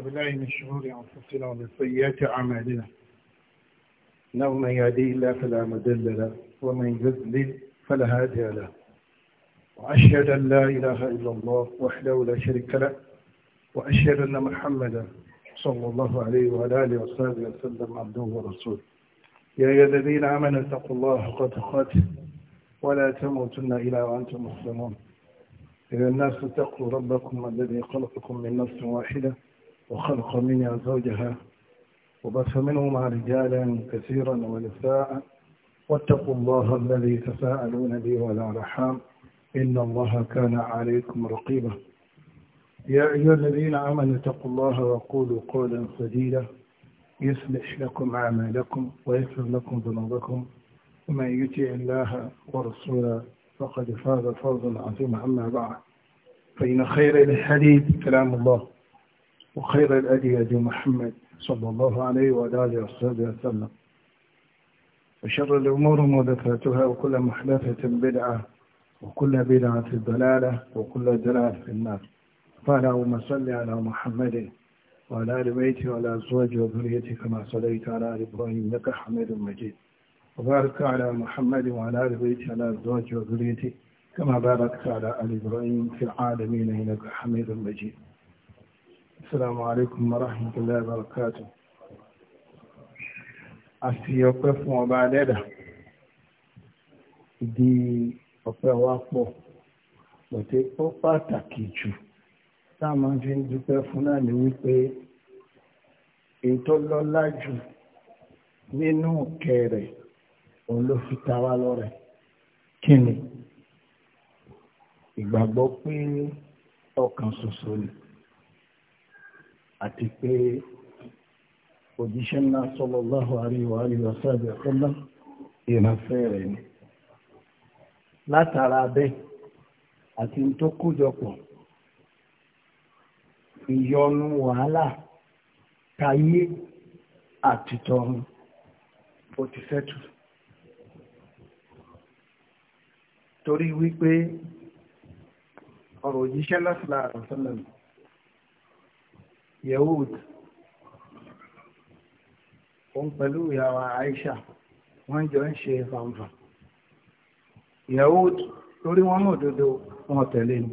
بالله من شرور أنفسنا ومن سيئات أعمالنا إنه من يهدي الله فلا مضل له ومن يضلل فلا هادي له وأشهد أن لا إله إلا الله وحده لا شريك له وأشهد أن محمدا صلى الله عليه وعلى آله وصحبه وسلم عبده ورسوله يا أيها الذين آمنوا اتقوا الله حق تقاته ولا تموتن إلا وأنتم مسلمون إذا الناس اتقوا ربكم الذي خلقكم من نفس واحدة وخلق منها زوجها وبث منهما رجالا كثيرا ونساء واتقوا الله الذي تساءلون به والأرحام إن الله كان عليكم رقيبا يا أيها الذين آمنوا اتقوا الله وقولوا قولا سديدا يصلح لكم أعمالكم ويغفر لكم ذنوبكم ومن يطع الله ورسوله فقد فاز فوزا عظيما أما بعد فإن خير الحديث كلام الله وخير الأدي أدي محمد صلى الله عليه وآله وصحبه وسلم وشر الأمور مدفاتها وكل محدثة بدعة وكل بدعة ضلالة وكل دلالة في النار اللهم صل على محمد وعلى آل بيته وعلى أزواجه وذريته كما صليت على آل إبراهيم إنك حميد مجيد وبارك على محمد وعلى آل بيته وعلى أزواجه وذريته كما باركت على آل إبراهيم في العالمين إنك حميد مجيد السلام عليكم ورحمة الله وبركاته àti ọpẹ́ fún ọba adẹ́dà ìdí ọpẹ́ wa pọ̀ pẹ̀tẹ́ ó pàtàkì jù táàmà fi ń dúpẹ́ fún náà ní wípé ètò lọ́lá jù nínú ọ̀kẹ́ rẹ̀ òun ló fi ta wá lọ́rẹ kí ni ìgbàgbọ́ pé ọkàn ṣoṣo ni àti pé òjíṣẹ́ ńlá sallallahu alaihi wa alihi ìrànfẹ́ rẹ̀ ni látara bẹ́ẹ̀ àti tó kójọpọ̀ ìyọnu wàhálà tayé àti ó ti fẹ́tù torí wípé ọ̀rọ̀ òjíṣẹ́ lásìlá àrùn yehud òun pẹ̀lú ìyàwó Aisha wọ́n jọ ń ṣe fàǹfà yehud lórí wọn mọ̀ dodo wọn tẹ̀lé ni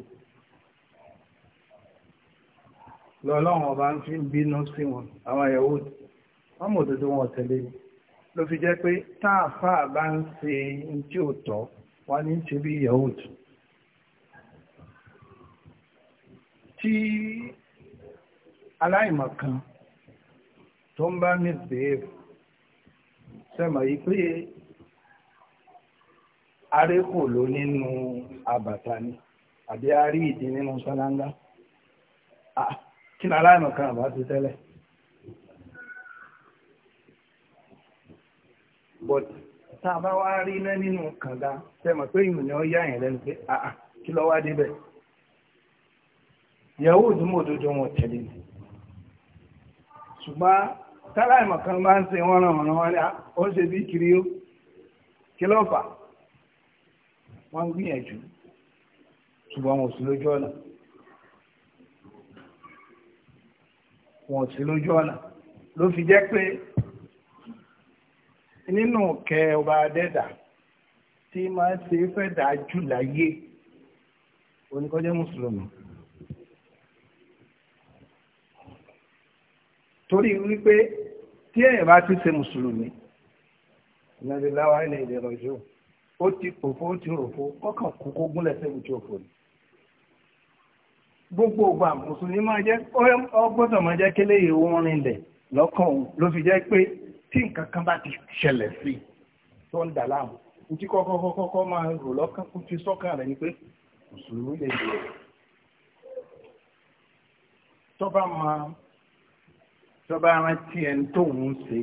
lọ́lọ́wọ́n ọba ń fi ń bínú sí wọn àwọn yehud wọn mọ̀ dodo wọn tẹ̀lé ni ló fi jẹ́ pé táàfà bá ń ṣe tí ò tọ́ wọ́n ní ṣe bí yehud aláìmọ̀kan tó ń bá misbehave sẹ́mọ̀ yìí pé arékò ló nínú àbàtà ni àbí arí ìdí nínú sálángá kí ni aláìmọ̀kan àbá ti tẹ́lẹ̀ but tá a bá wá rí iná nínú kànga sẹ́mọ̀ pé ìrìn ó yá yẹn lẹ́nu pé kí ló wá débẹ̀ yẹ̀wò ìdúmọ̀ òdodo wọn tẹ̀lé ni ṣùgbọ́n tára ìmọ̀ kan bá ń ṣe wọ́n ràn wọ́n wọ́n ó ṣe bí kiri ó kí ló fà wọ́n ń gbìyànjú ṣùgbọ́n wọn ò sí lójú ọ̀nà wọn ò sí lójú ọ̀nà ló fi jẹ́ pé nínú kẹ ọba adẹ́dà tí máa ń ṣe fẹ́ dáa jù láyé oníkọ́jẹ́ mùsùlùmí torí wípé tí èèyàn bá ti ṣe mùsùlùmí ìnáyẹláwa ilẹ̀ èdè rọ̀jò ó ti pòfó ó ti ròfó kọ́kàn kú kó gúnlẹ̀ sẹ́yìn tí ó fò ní. gbogbo ògbà mùsùlùmí máa jẹ́ ọgbọ́dọ̀ máa jẹ́ kélé ìwọ rinlẹ̀ lọ́kàn òun ló fi jẹ́ pé tí nǹkan kan bá ti ṣẹlẹ̀ sí i tó ń dà láàmú ntí kọ́kọ́kọ́kọ́ máa rò lọ́kàn kó fi sọ́kàn rẹ̀ ni pé mùsùlùmí lè dè tó bá máa tọ́ba rántí ẹni tó ń ṣe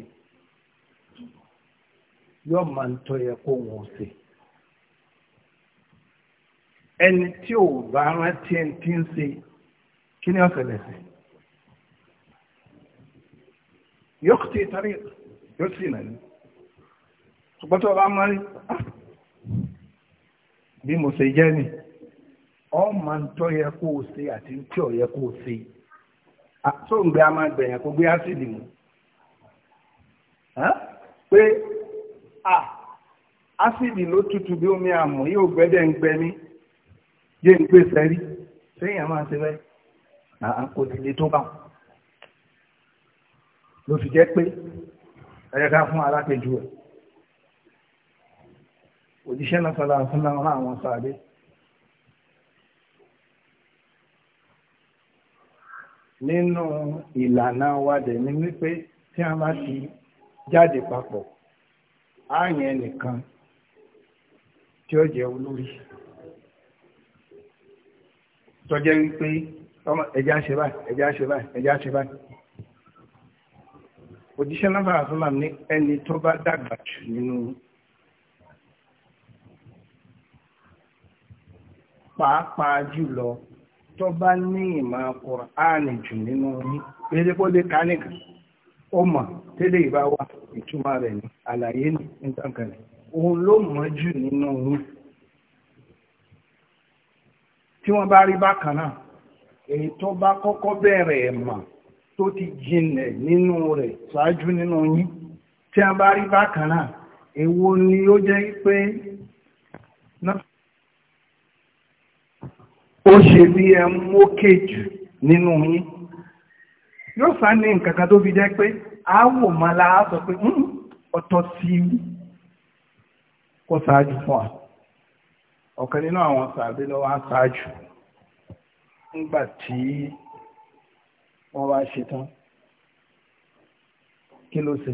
yóò máa ń tọ́ yẹ kó wọ́n ṣe ẹni tí ò bá rántí ẹni tí ń ṣe kí ni ọ̀sẹ̀lẹ̀ sí yóò kò tí ì tarí yóò sì nà ní ṣùgbọ́n tó bá mọ́rí ah, bí mo ṣe jẹ́ ni ọ́ máa ń tọ́ yẹ kó ṣe àti tí ò yẹ kó ṣe yìí tó ah, ń gbé a máa gbẹ̀yàn kó gbé ásìdì mu pé ásìdì ah, ló tutù bí omi àmọ̀ yóò gbẹ́dẹ̀ ń gbẹ ní yé ń gbé sẹ́rí séèyàn máa ṣe bẹ́ẹ̀ ah, kò sì le tó bá wọn ló fi jẹ́ pé ẹ̀ka fún alákejì rẹ̀ òjíṣẹ́ náà sọ̀rọ̀ àfúnná àwọn sàdé. nínú ìlànà wa dẹ̀ ní wípé tí a bá ti jáde papọ̀ ààyàn ẹnìkan tí ó jẹ́ olórí tó jẹ́ wípé ẹjá ṣe báyìí ẹjá ṣe báyìí ẹjá ṣe báyìí òjíṣẹ́ náà fara fún màmí ẹni tó bá dàgbà jù nínú pàápàá jùlọ tó bá ní ìmọ̀ Kùránì jù nínú yín péré kó lè ká nìkan ó mọ̀ tẹ́lẹ̀ ìbá wa ìtumọ̀ rẹ̀ ní àlàyé ní nǹkan òun ló mọ̀ jù nínú yín tí wọ́n bá rí bákan náà èyí tó bá kọ́kọ́ bẹ̀rẹ̀ ẹ̀mà tó ti jinlẹ̀ nínú rẹ̀ ṣáájú nínú yín tí wọ́n bá rí bákan náà èwo ni ó jẹ́ pé ó ṣe bí ẹ mú kéjù nínú yín yóò sá ní nǹkan kan tó fi jẹ́ pé àwò máa la sọ pé hmm, ọ̀tọ̀ sí kó ṣáájú fún wa ọ̀kan nínú àwọn sàbí lọ́wọ́ á ṣáájú nígbà tí wọ́n bá ṣe tán kí ló ṣe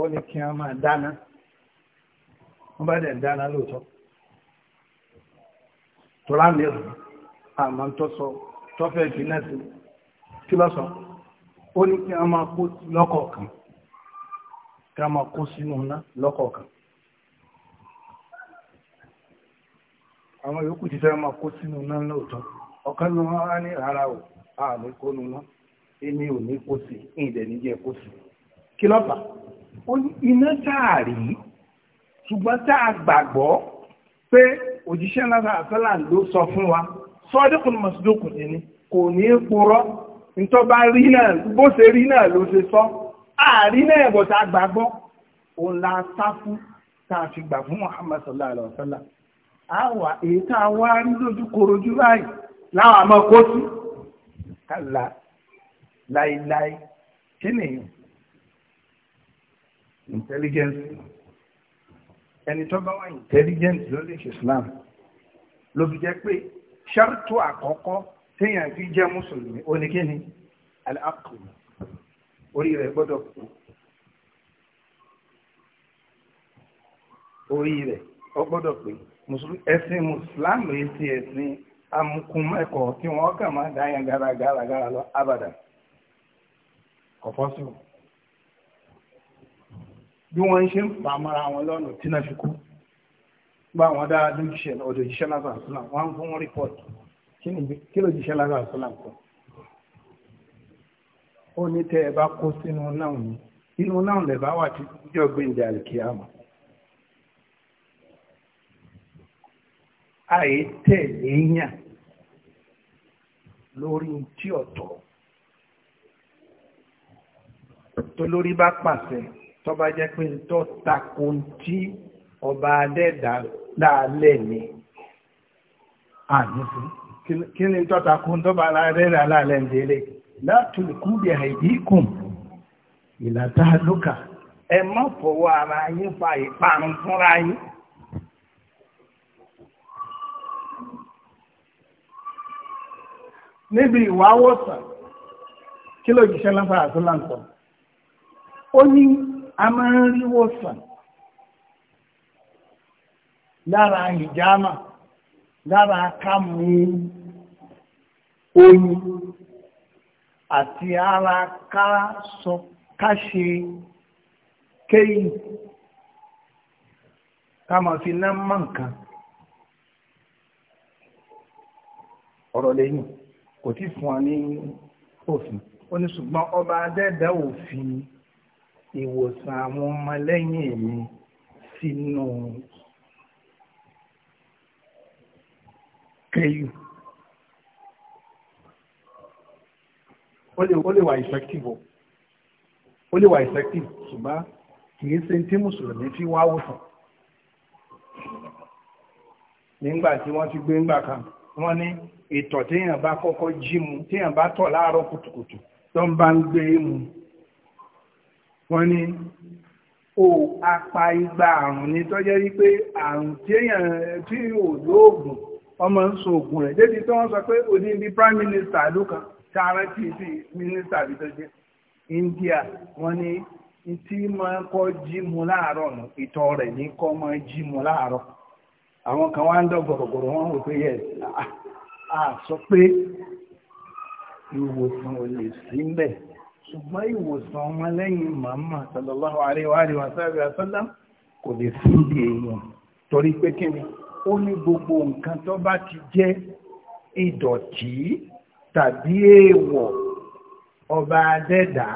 ó ní kí wọ́n máa dáná wọ́n bá dẹ̀ dáná lóòótọ́ tọ́lá ní ọ̀rọ̀ àmà tó sọ tọ́fẹ́ ìpínlẹ̀ sí kí lọ́sọ̀ ó ní kí a máa kó lọ́kọ̀ọ̀kan kí a máa kó sínú ná lọ́kọ̀ọ̀kan àwọn yòókù ti fẹ́ máa kó sínú ná lóòótọ́ ọ̀kan ní wọ́n á rárá o àmì kó nu ná èmi ò ní kó sí ìdẹ̀ níjẹ́ kó sí kí lọ́pàá ó ní iná táàrí ṣùgbọ́n tá gbàgbọ́ pé òjíṣẹ́ náà àtọ́là ló sọ fún wa sọ́dọ̀kùn mọ̀sídọ́kùn ní ni kò ní í purọ́ ntọ́ba rí náà bó ṣe rí náà ló ṣe sọ ààrí náà bọ̀ tá a gbà gbọ́ òun la gbà fún Muhammad wa sallam àwa èyí tá a wá rí lójú intelligence ẹni tó bá wà intelligent ló islam ló fi jẹ́ pé ṣáàtú àkọ́kọ́ téèyàn fi jẹ́ mùsùlùmí oníkíni aláàkùn orí rẹ̀ gbọ́dọ̀ kú orí rẹ̀ ó gbọ́dọ̀ pé ẹ̀sìn mùsùlùmí èsì ẹ̀sìn amukùnmẹ́kọ̀ọ́ tí wọ́n kàn máa dáyàn gára gára gára lọ abàdà kọ̀fọ́sùn bí wọ́n ṣe ń fà mọ́ra wọn lọ́nà tí náà fi kú bá wọn dá lójíṣẹ́ ọ̀dọ̀ jíṣẹ́ lágbà sílám wọ́n fún wọn rìpọ́ọ̀tù kí ló jíṣẹ́ lágbà sílám kọ́ ó ní tẹ́ ẹ bá kó sínú náà ní inú náà lè bá wà tí jọ gbéǹde àlìkíyàmù àyè tẹ̀ léèyàn lórí tí ọ̀tọ̀ tó lórí bá pàṣẹ tó bá jẹ́ pé tó takò tí ọba adẹ́dà láàlẹ́ ni àníkú kí ni tó takò tó bá adẹ́dà láàlẹ́ ní délé látùlùkú bí àìdíkùn ìlàtà lókà ẹ má fọwọ́ ara yín fa ìparun fúnra yín. níbi ìwà awọ́sàn kí ló jíṣẹ́ lọ́fà àtúnláǹtọ̀ ó ní a máa ń rí wòsàn lára hijama lára kámú oyin àti ara ká sọ ká ṣe kéyìn ká máa fi ná mọ́ nǹkan ọ̀rọ̀ lẹ́yìn kò tí fún wa ní òfin ó ní ṣùgbọ́n ọba adẹ́dẹ́ òfin ni ìwòsàn àwọn ọmọlẹ́yìn mi sínú kéyù. ó lè ó lè wà effective o ó lè wà effective ṣùgbọ́n kì í ṣe tí mùsùlùmí fi wá wòsàn nígbà tí wọ́n ti gbé ńgbà kan wọ́n ní ìtọ̀ téèyàn bá kọ́kọ́ jí mu téèyàn bá tọ̀ láàárọ̀ kùtùkùtù tó ń bá ń gbé e mu wọ́n ní o apa igba àrùn ni tọ́jẹ́ rí pé àrùn tí èèyàn tí ò lóògùn ọmọ ń so ògùn rẹ̀ débi tí wọ́n sọ pé o ní bí prime minister ló kan tí ara minister bí tó jẹ́ India wọ́n ní tí máa kọ́ jí mu láàárọ̀ nù ìtọ̀ rẹ̀ ní kọ́ máa jí mu láàárọ̀ àwọn kan wá ń dọ̀ gọ̀rọ̀gọ̀rọ̀ wọ́n rò pé yẹ à sọ pé ìwòsàn ò lè sí mbẹ̀ ṣùgbọ́n ìwòsàn ọmọlẹ́yìn màmá sallallahu alaihi wa sallam kò lè fún ìdí èèyàn torí pé kí ni ó ní gbogbo nǹkan tó bá ti jẹ́ ìdọ̀tí tàbí èèwọ̀ ọba adẹ́dà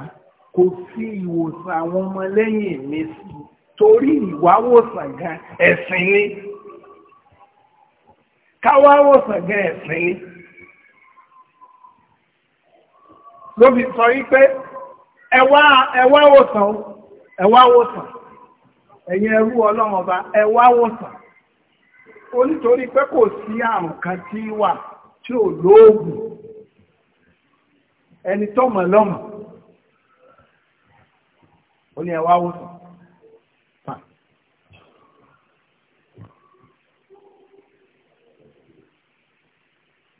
kò sí ìwòsàn àwọn ọmọlẹ́yìn mi sí torí ìwáwòsàn gan ẹ̀sìn ni káwáwòsàn gan ẹ̀sìn ni. ló sọ pé ẹwà ẹwà wòsàn ẹwà wòsàn ẹ̀yin ẹrú ọlọ́run ọba ẹwà wòsàn onítorí pé kò sí àrùn kan tí wà tí ò lóògùn ẹni tọ́mọ̀ lọ́mọ̀ ní ẹwà wòsàn.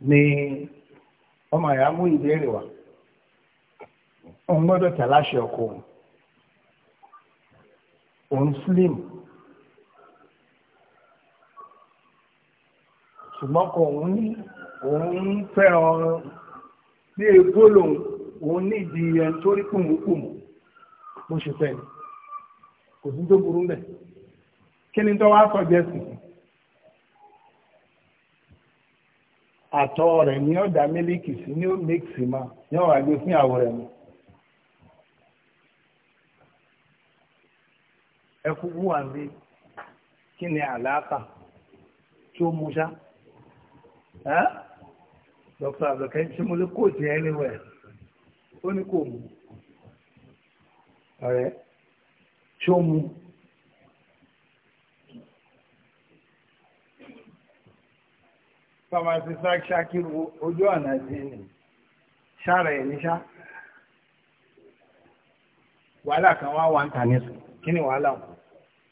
ni ọmọ ya mú ìbéèrè wa. òun gbọ́dọ̀ tẹ̀ láṣẹ ọkọ òun òun slim ṣùgbọ́n kò òun ní òun fẹ́ràn bí egbó lòun òun nídìí ẹni tó rí kùmùkùmù bó ṣe fẹ́ ni kò sí tó burú mẹ́ kí ni tó wá sọ jẹ́ sí àtọ̀ rẹ̀ ni ó dá mílíkì sí ni ó mix ma ni ó wà gbé fún ìyàwó rẹ̀ mu. ẹkú wà rí kí ni àlàáfà tí ó mú ṣá ẹ́ dr abdulkai ṣe mo lè kó ti anywhere ó ní kò mú ọ̀rẹ́ tí ó mú sọmọsí ṣákíru ojú ọ̀nà sí ni ṣára ẹ̀ níṣá wàhálà kan wá wà ń tà ní sùn kí ni wàhálà wọn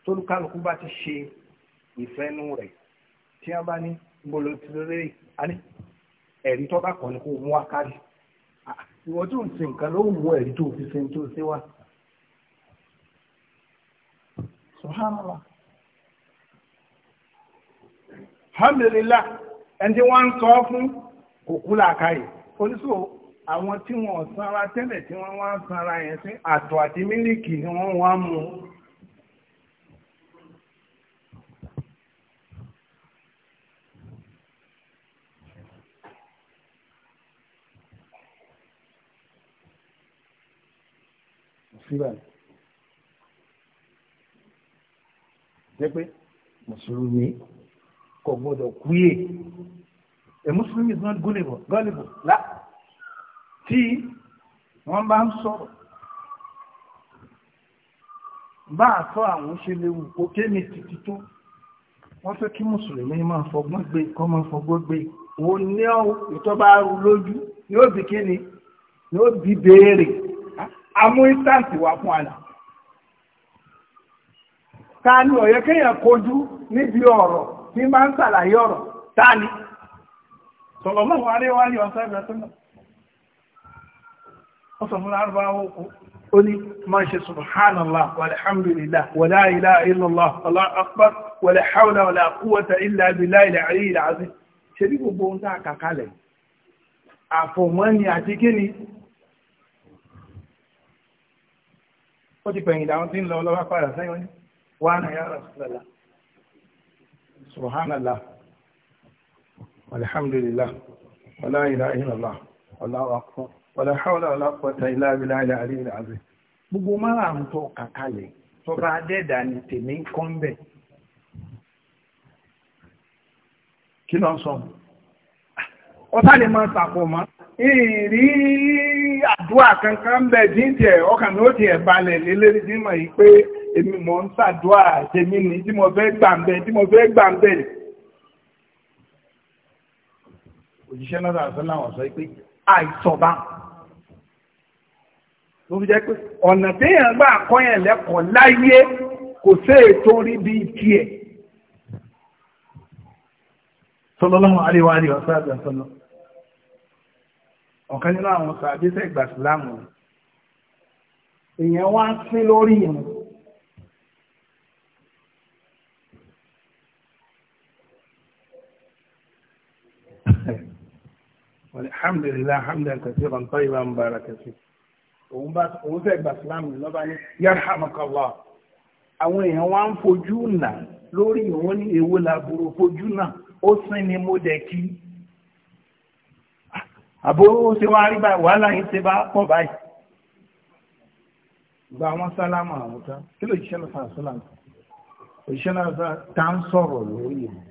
tólúkálùkù bá ti ṣe ìfẹ́nu rẹ̀ tí a bá ní gbolo ti rere àní ẹ̀rí tó bá kàn ní kó mú akárí ìwọ tó ń sin nǹkan ló ń mú ẹ̀rí tó fi sin tó ṣe wá. subhanallah alhamdulillah ẹni tí wọ́n ń sọ fún kòkú làákàyè oníṣòwò àwọn tí wọ́n sanra tẹ́lẹ̀ tí wọ́n wá sanra yẹn sí àtọ̀ àti mílíkì ni wọ́n wá mú síbà jẹ́ pé mùsùlùmí kò gbọ́dọ̀ kúyè a muslim is not gullible gullible la tí wọ́n bá ń sọ̀rọ̀ bá a sọ àwọn ṣe léwu kó kéèmì títí tó wọ́n fẹ́ kí mùsùlùmí máa fọgbọ́n gbé kọ́ máa fọgbọ́n gbé òun ní ọ̀hún ìtọ́ba lójú yóò bí kíni yóò bí béèrè amú instance wà fún àlà ta ni ọ̀yẹ́ kéèyàn kojú níbi ọ̀rọ̀ tí máa ń ṣàlàyé ọ̀rọ̀ ta ni sallallahu alaihi wa alihi wasallam ó sọ fún lárúbáwọ́ òkú ó ní máa ṣe subhanallah walhamdulillah wala ilaha illallah Allahu akbar wala hawla wala quwwata ó ti fẹ̀yìn dáwọn tí ń lọ ọlọ́wọ́ padà sẹ́yìn wọn wà ní ya Rasulullah subhanallah alhamdulillah wala ilaha illallah wallahu akbar wala hawla wala quwwata illa billahil aliyyil azim gbogbo márùn-ún tó kàkálẹ̀ tó bá dẹ́dà ní tèmi kọ́ńbẹ̀ kí ló ń sọ ọ́tá lè máa sàkó máa ìrí àdúà kankan bẹ̀ tí ń tẹ̀ ọkàn ló ti yi balẹ̀ emi mọ nta yìí pé èmi mò ń ṣàdúà tèmi ní tí mo fẹ́ gbà ń bẹ̀ tí mo fẹ́ gbà ń òjíṣẹ́ náà sọ láwọn sọ pé àìsọ̀bá ló fi jẹ́ pé ọ̀nà téèyàn gbà lẹ́kọ̀ọ́ láyé kò bíi ọ̀kan nínú àwọn sàbíṣẹ́ ìgbà sílámù èèyàn wá sí lórí ìrìn alhamdulillah hamdan kathiran tayyiban mubarakan fi òun bá òun fẹ́ gbà sílámù lọ́ba ní yarhamukallah àwọn èèyàn wá ń fojú nà lórí ìwọ́n ní èwo làbúrò fojú nà ó sin ni mo dẹ̀ kí àbówó ṣe wá rí báyìí wàhálà yìí ṣe bá pọ̀ báyìí gba wọn sálámà àwọn tán kí ló ṣiṣẹ́ lọ́sàn àṣọlànà òṣìṣẹ́ lọ́sàn tá ń sọ̀rọ̀ lórí ẹ̀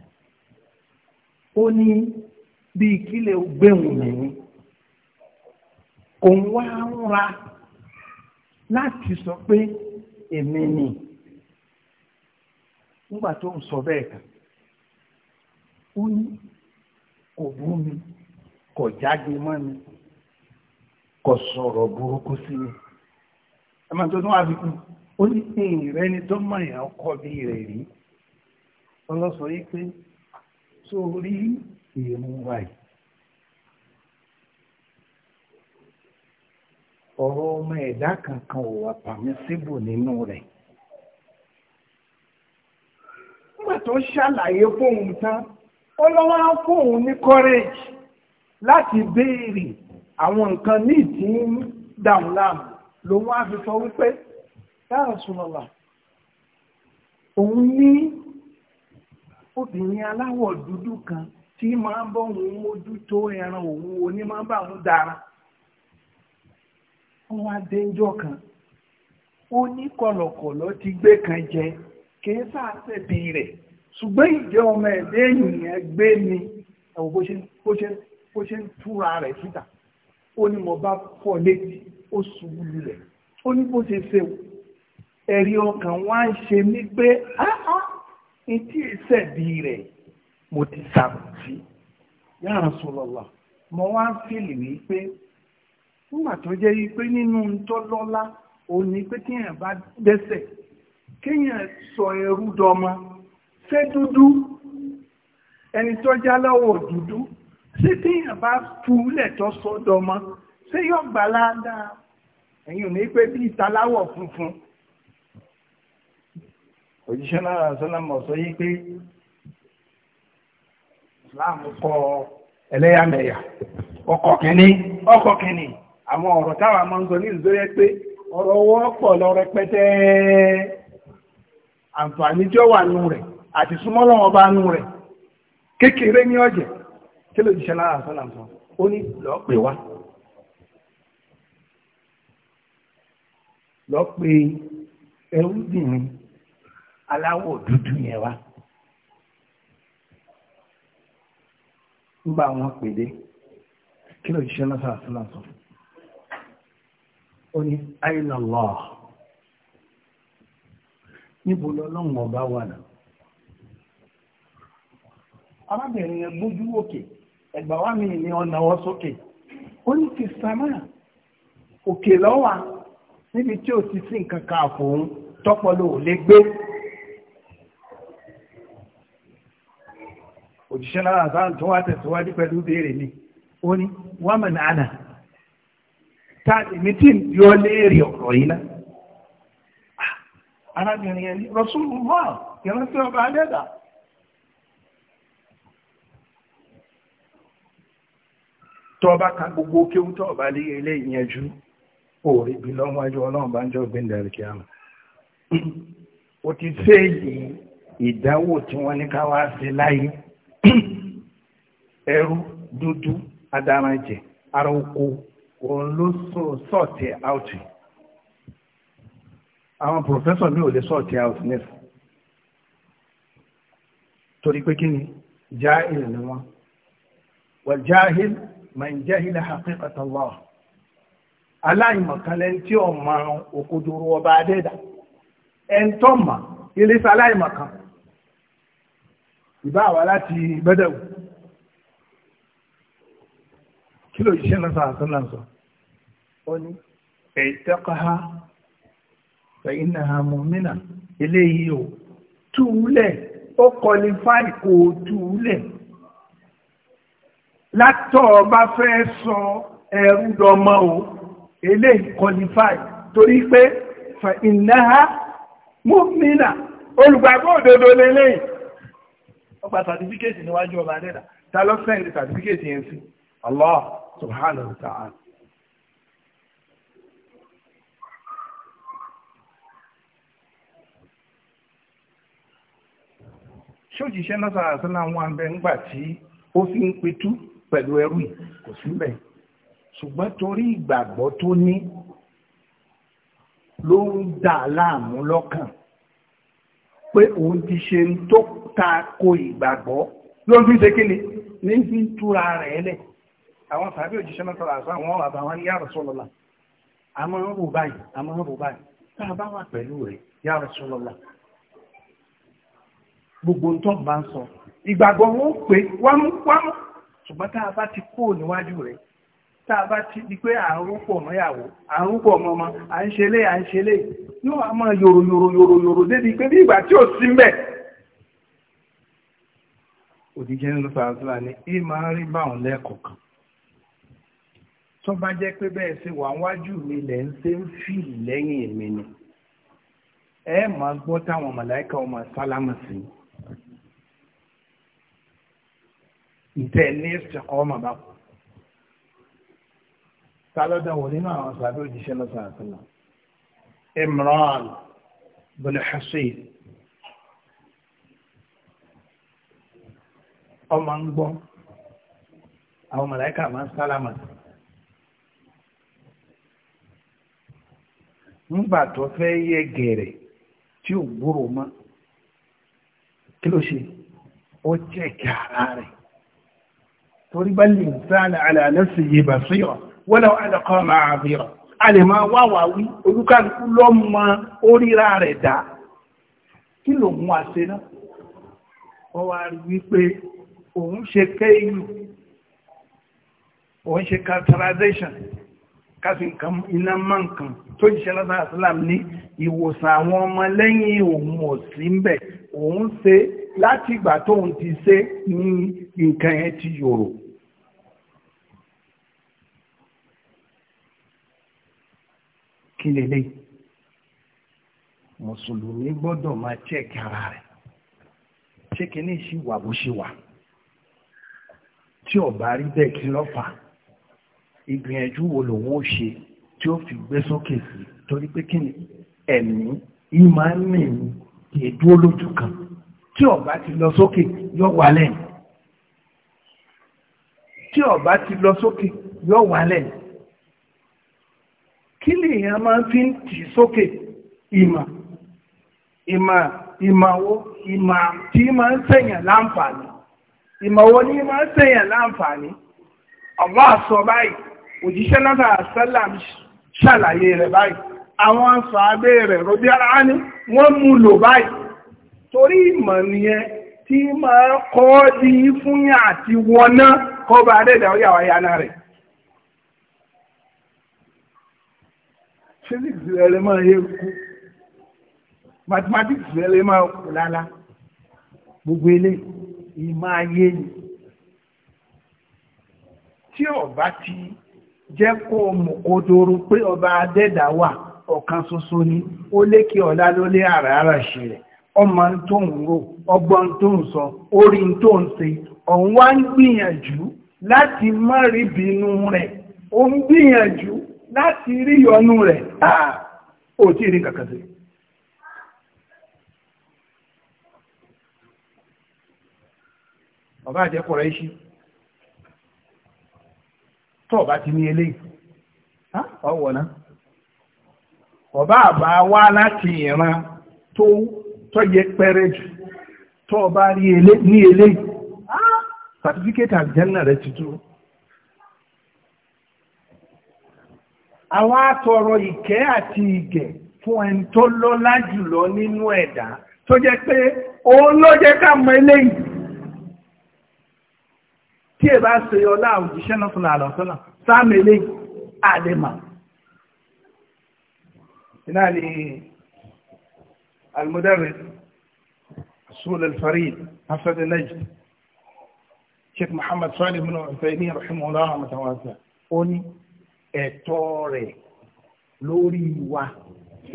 ó ní bí kílẹ̀ gbẹ̀hùn nìyí òun wá ń ra láti sọ pé èmi ni nígbà tó ń sọ bẹ́ẹ̀ kan ó ní kò bú mi kò jáde mọ́ mi kò sọ̀rọ̀ burúkú sí mi ẹ máa tó tún wá fi kú ó ní ẹ̀yìn rẹ ni tó mọ̀ yẹn ọkọ bí rẹ̀ rí ọlọ́sọ yìí pé tó rí ìrún wa yìí ọ̀rọ̀ ọmọ ẹ̀dá kankan ò wà pàmísíbù nínú rẹ̀ nígbà tó ṣàlàyé fóun tán ó lọ́wọ́ fóun ní courage. láti béèrè àwọn nǹkan ní ìtí ń dàmú láàmú lòun á fi sọ wípé dáhà súnmọ́lá òun ní obìnrin aláwọ̀ dúdú kan tí máa ń bọ́ òun mójútó ẹran òun oní máa ń bá òun dára wọ́n wá déńjọ́ kan ó ní kọ̀lọ̀kọ̀lọ̀ ti gbé kan jẹ kìí sáàsẹ̀bì rẹ̀ ṣùgbọ́n ìjẹ́ ọmọ ẹ̀dẹ́ ènìyàn gbé ni ẹ̀wọ̀n bó ṣe bó ṣe ń túra rẹ̀ síta ó ní mo bá fọ́ létí ó ṣubú lulẹ̀ ó ní bó ṣe ṣe ẹ̀rí ọkàn wá ń ṣe mí pé áá etí ìṣẹ̀bí rẹ̀ mo ti ṣàkùsí ya Rasulullah mo wá ń fìlì wípé nígbà tó jẹ́ wípé nínú tọ́lọ́lá ò ní pé kéèyàn bá dẹ́sẹ̀ kéèyàn sọ ẹrú dọmọ ṣé dúdú ẹni tó jálọ́wọ́ dúdú ṣé téèyàn bá túlẹ̀ tó sọ́dọ̀ mọ́ ṣé yóò gbà ládàá ẹ̀yìn ò ní pé bí ìtaláwọ̀ funfun òjíṣẹ́ náà sọ́lámọ̀ sọ yí pé Islam kọ ẹlẹ́yàmẹ̀yà ọkọ̀ kìíní ọkọ̀ kìíní àwọn ọ̀rọ̀ táwa máa ń sọ ní ìzóyẹ pé ọ̀rọ̀ wọ́pọ̀ lọ rẹpẹtẹ àǹfààní tí ó wà nù rẹ̀ àti súnmọ́ lọ́wọ́ bá nù rẹ̀ kékeré ní ọ̀jẹ̀ kí ló jíṣẹ́ lára sọ́là sọ ó ní lọ́ọ́ pè wá lọ́ọ́ pè ẹrúbìnrin aláwọ̀ dúdú yẹn wá nígbà wọn pèdé kí ló jíṣẹ́ lára sọ́là sọ ó ní àìlọ́lọ́ níbo lọ́lọ́run wà náà arábìnrin yẹn gbójú òkè. Okay ẹgbà mi ni ọ̀nà wọ́n sókè ó ní ti sàmà òkè lọ́wà níbi tí ò ti sí nǹkan kan àfòun tọ́pọ̀lọ ò lè gbé òjíṣẹ́ lára àzáhùn tó wá tẹ̀síwájú pẹ̀lú béèrè ni ó ní wọ́n mọ̀ náà ta èmi tí ń léèrè ọ̀rọ̀ yìí náà ah, arábìnrin ẹni rọ́sùn mọ́ ìrántí ọba adẹ́dàá tó bá ka gbogbo kéwú tó bá lé ilé ìyẹnjú òòrè bí lọ́wọ́jú ọlọ́run bá ń jọ gbé ǹdẹ̀rẹ̀ kí a mọ̀. ó ti fẹ́ẹ̀lì ìdánwò tí wọ́n ní ká wá sí láyé ẹrú dúdú adáranjẹ ara oko òun ló sọ̀tẹ̀ áùtì àwọn pòfẹ́sọ̀ mi ò lè sọ̀tẹ̀ áùtì nẹ́sì torí pé kí ni jáhìl ni wọ́n wọ́n jáhìl man jahila haqiqata Allah aláìmọ̀kànlẹ̀ tí ó ma òkodoro ọba adẹ́dà ẹ̀ńtọ́ mà iléeṣẹ́ aláìmọ̀kàn ìbá wa láti bẹ́dẹ̀wò kí ló yíṣẹ́ náà sọ̀rọ̀ sọ́nà sọ ó ní ẹ̀ẹ́tẹ́kọ̀ọ́ fẹ̀yìn náà mu'mina eléyìí ò túlẹ̀ ó kọlifáì kò túlẹ̀ látọ̀ ọba fẹ́ sọ dọmọ o ilé qualify torí pé fa ìnáha múmínà olùgbàgbọ́ òdodo lélẹ́yìn ọgbà sàtífíkèsì níwájú ọba adẹ́dà ta ló ndị sàtífíkèsì yẹn sí Allah subhanahu wa ta'ala ṣójíṣẹ́ náà sàrásánà wọn bẹ tí ó fi pẹ̀lú ẹrú yìí kò síbẹ̀ ṣùgbọ́n torí ìgbàgbọ́ tó ní ló ń dà láàmú lọ́kàn pé òun ti ṣe tó ta ko ìgbàgbọ́ ló fi ṣe kíni ní fi ń túra rẹ̀ lẹ̀ àwọn tàbí òjíṣẹ́ náà sọ̀rọ̀ àṣà àwọn ọ̀rọ̀ àbáwọn yá Rasulullah a máa ń rò báyìí a ń rò báyìí tá a bá wà pẹ̀lú rẹ̀ yá Rasulullah gbogbo ń tọ́ bá ń sọ ìgbàgbọ́ wọn pé wámú wámú ṣùgbọ́n tá a bá ti kó níwájú rẹ̀ tá a bá ti di pé à ń rúpọ̀ mọ́yàwó à ń rúpọ̀ mọ́mọ à ń ṣẹlẹ̀ à ń ṣẹlẹ̀ yóò á máa yòrò yòrò yòrò yòrò débi pé bí ìgbà tí ò sí mbẹ̀. òdìjẹ́ ń lọ fàásùlà ni ẹ máa rí báwọn lẹ́ẹ̀kọ̀ọ̀kan tó bá jẹ́ pé bẹ́ẹ̀ ṣe wà wájú mi lẹ̀ ń ṣe ń fì lẹ́yìn mi ni ẹ máa gbọ́ táwọn màláìka ọmọ sálámà sí i. ìtẹ́ ní ìsìnkọ́mà bá kú. Tálọ́dà wò nínú àwọn sàbí òjíṣẹ́ lọ́sàn àtìlá. Imran bin Hussein. Ọmọ ń gbọ́, àwọn màláíkà máa ń sálámà. Nígbà tó fẹ́ yẹ gẹ̀rẹ̀ tí ò gbúrò mọ́, kí ló ṣe? Ó jẹ́ kí ara rẹ̀ torí bá lè sáàlà àlànàṣì yìí bà síra wọ́lá àlàkọ́ máa àfíra a lè máa wá wà wí olúkálùkù lọ́mọ oríra rẹ̀ dá kí ló mú àṣẹ náà wọ́n wá rí wípé òun ṣe kéyù òun ṣe characterization káfí iná mọ́ nǹkan tó jíṣẹ́ lọ́sàn ní ìwòsàn àwọn ọmọ lẹ́yìn òun ò sí ń òun ṣe láti ìgbà tóun ti ṣe ní nǹkan yẹn ti yòrò kí lélẹ̀ mùsùlùmí gbọ́dọ̀ máa chẹ́ẹ̀kì ara rẹ̀ ṣé kìíní ṣì wà bó ṣe wà tí ó bá rí bẹ́ẹ̀ kí ló fà ìgbìyànjú wo lòun ó ṣe tí ó fi gbé sókè sí torí pé kí ni ẹ̀mí ìmọ̀ ń mì ní kìí kan tí ó ti lọ sókè yóò wà lẹ́yìn tí ó ti lọ sókè yóò wà lẹ́yìn tí èèyàn máa fi ń tì sókè ìmọ̀ ìmọ̀ ìmọ̀wó ìmọ̀ tí máa ń sẹ̀yàn láǹfààní ìmọ̀wó ní máa ń sẹ̀yàn láǹfààní Allah sọ báyìí òjíṣẹ́ náà sálàm ṣàlàyé rẹ̀ báyìí àwọn sàábé rẹ̀ rọ̀bí ara ní wọ́n mú lò báyìí torí ìmọ̀ nìyẹn tí máa kọ́ di fúnyà àti wọná kọ́ bá adẹ́dàá ó yà náà rẹ̀ physics rẹ̀ lè máa yé kú mathematics rẹ̀ lè máa kú lálá gbogbo ilé ìmọ̀ ayé ni tí ọba ti jẹ́ kó mọ̀ kódoro pé ọba adẹ́dà wà ọ̀kan ṣoṣo ni ó lékè ọ̀la lólé ara ara ṣe rẹ̀ ọmọ tó ń rò ọgbọ́n tó ń sọ orí tó ń ṣe ọ̀hún wá ń gbìyànjú láti má rí bínú rẹ̀ ó ń gbìyànjú láti rí rẹ rẹ̀ ó tí rí kankan ọba àjẹ́ kọ̀rọ̀ tó ọba ti ní ilé ọwọ̀ náà ọba àbá wá láti ìran tó yẹ pẹ́rẹ jù tó ọba ní ilé certificate àjẹ́ rẹ̀ ti àwọn atọrọ ìkẹ́ àti ìgẹ̀ fún ẹni tó lọ́lá jùlọ nínú ẹ̀dá tó jẹ́ pé òun ló jẹ́ ká mọ tí ẹ bá ṣe ọlá òjíṣẹ́ náà fún àlọ́sọ́nà sáàmì eléyìí àdèmà iná ni المدرس سول الفريد أسد النجد شيخ محمد صالح بن عثيمين رحمه الله وتوازاه ẹ̀tọ́ rẹ̀ lórí wa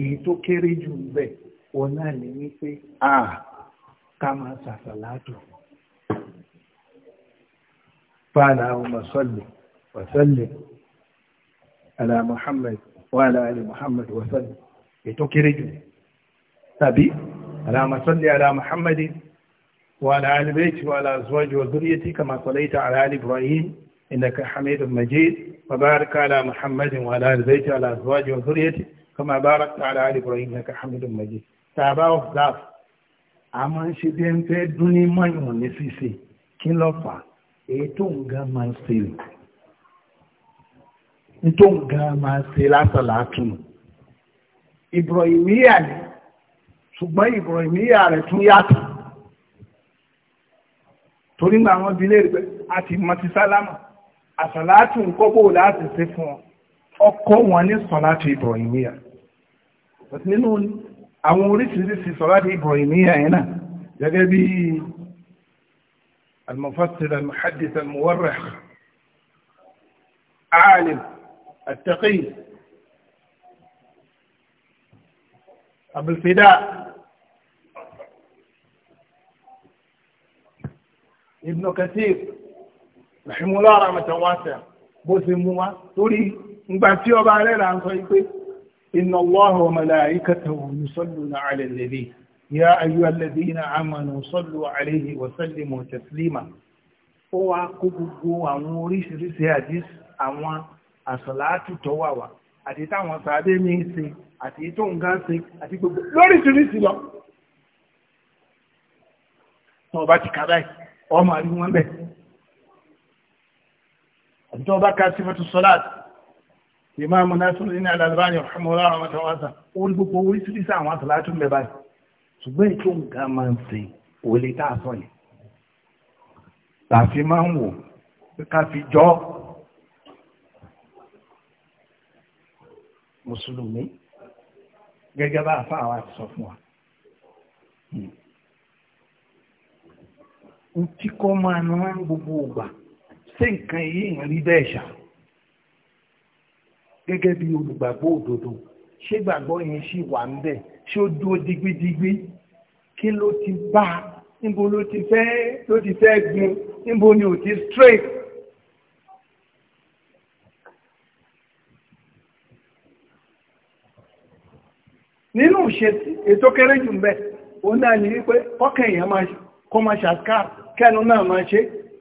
èyí tó kéré jù bẹ̀ wọn náà ní wípé a ká máa ṣàṣàlátù fàlà ọmọ sọ́lẹ̀ wàsọ́lẹ̀ ala Muhammad wa ala ali Muhammad èyí tó kéré jù tàbí اللهم صل على محمد وعلى آل بيته وعلى أزواجه وذريته كما صليت على آل إبراهيم إنك حميد مجيد وبارك على محمد وعلى آل بيته وعلى أزواجه وذريته كما باركت على آل إبراهيم إنك حميد مجيد tàbá of that a máa ń ṣe bí ẹni fẹ́ dún ní mọ̀yàn ní ṣíṣe kí ló fà èyí tó ń gan máa ń ṣe rè ní tó ń gan máa ń ṣe lásàlátù ìbùrọ̀yìmíyà ni ṣùgbọ́n ìbùrọ̀yìmíyà rẹ̀ tún yàtọ̀ torí gbà wọ́n bi léèrè pé a ti mọ ti sálámà àsàlátù ń kọ́ bó láti ṣe fún ọkọ wọn ní sọ̀látù Ibrahimiyya nínú àwọn oríṣiríṣi sọ̀látù Ibrahimiyya yẹn náà gẹ́gẹ́ bí المفصل المحدث المورخ عالم التقي أبو الفداء ابن كثير rahimullah rahmatan wasi'a bó ṣe mú wa torí ìgbà tí ọba rẹ̀ là ń sọ pé inna Allaha wa malaikatahu yusalluna 'ala an-nabi ya ayyuhalladhina amanu sallu 'alayhi wa sallimu taslima ó wá kó gbogbo àwọn oríṣiríṣi àdísì àwọn àsàlátù tó wà wà àti táwọn sàádé mi ṣe àti tó ń gán àti gbogbo lóríṣiríṣi lọ tó bá ti kàdáì ọmọ àríwọ̀n bẹ́ẹ̀ àti tó bá ka sífẹ́tù sọ́láàtì ìmáàmù Nasiruddin Al-Albani rahimahullah rahmatawasa orí gbogbo orí sí sí àwọn àtàlátù mẹ́ báyìí ṣùgbọ́n ètò nǹkan máa ń ṣe òlé tá a sọ yìí tàfi máa ń wò ká fi jọ mùsùlùmí gẹ́gẹ́ bá àfa àwa ti sọ fún wa n tí kọ́ máa ń rán gbogbo ògbà sí nǹkan yìí ń rí bẹ́ẹ̀ ṣá gẹ́gẹ́ bí olùgbàgbọ́ òdodo ṣé gbàgbọ́ yẹn ṣì wà ń bẹ̀ ṣé ó dúró digbidigbi kí ló ti bá níbo ló ti fẹ́ ló ti fẹ́ gun níbo ni ò ti straight. nínú ìṣesí ètò kéré jù ń bẹ òun náà ní wípé ọkàn èèyàn kó máa ṣàkà kẹ́nu náà máa ṣe é.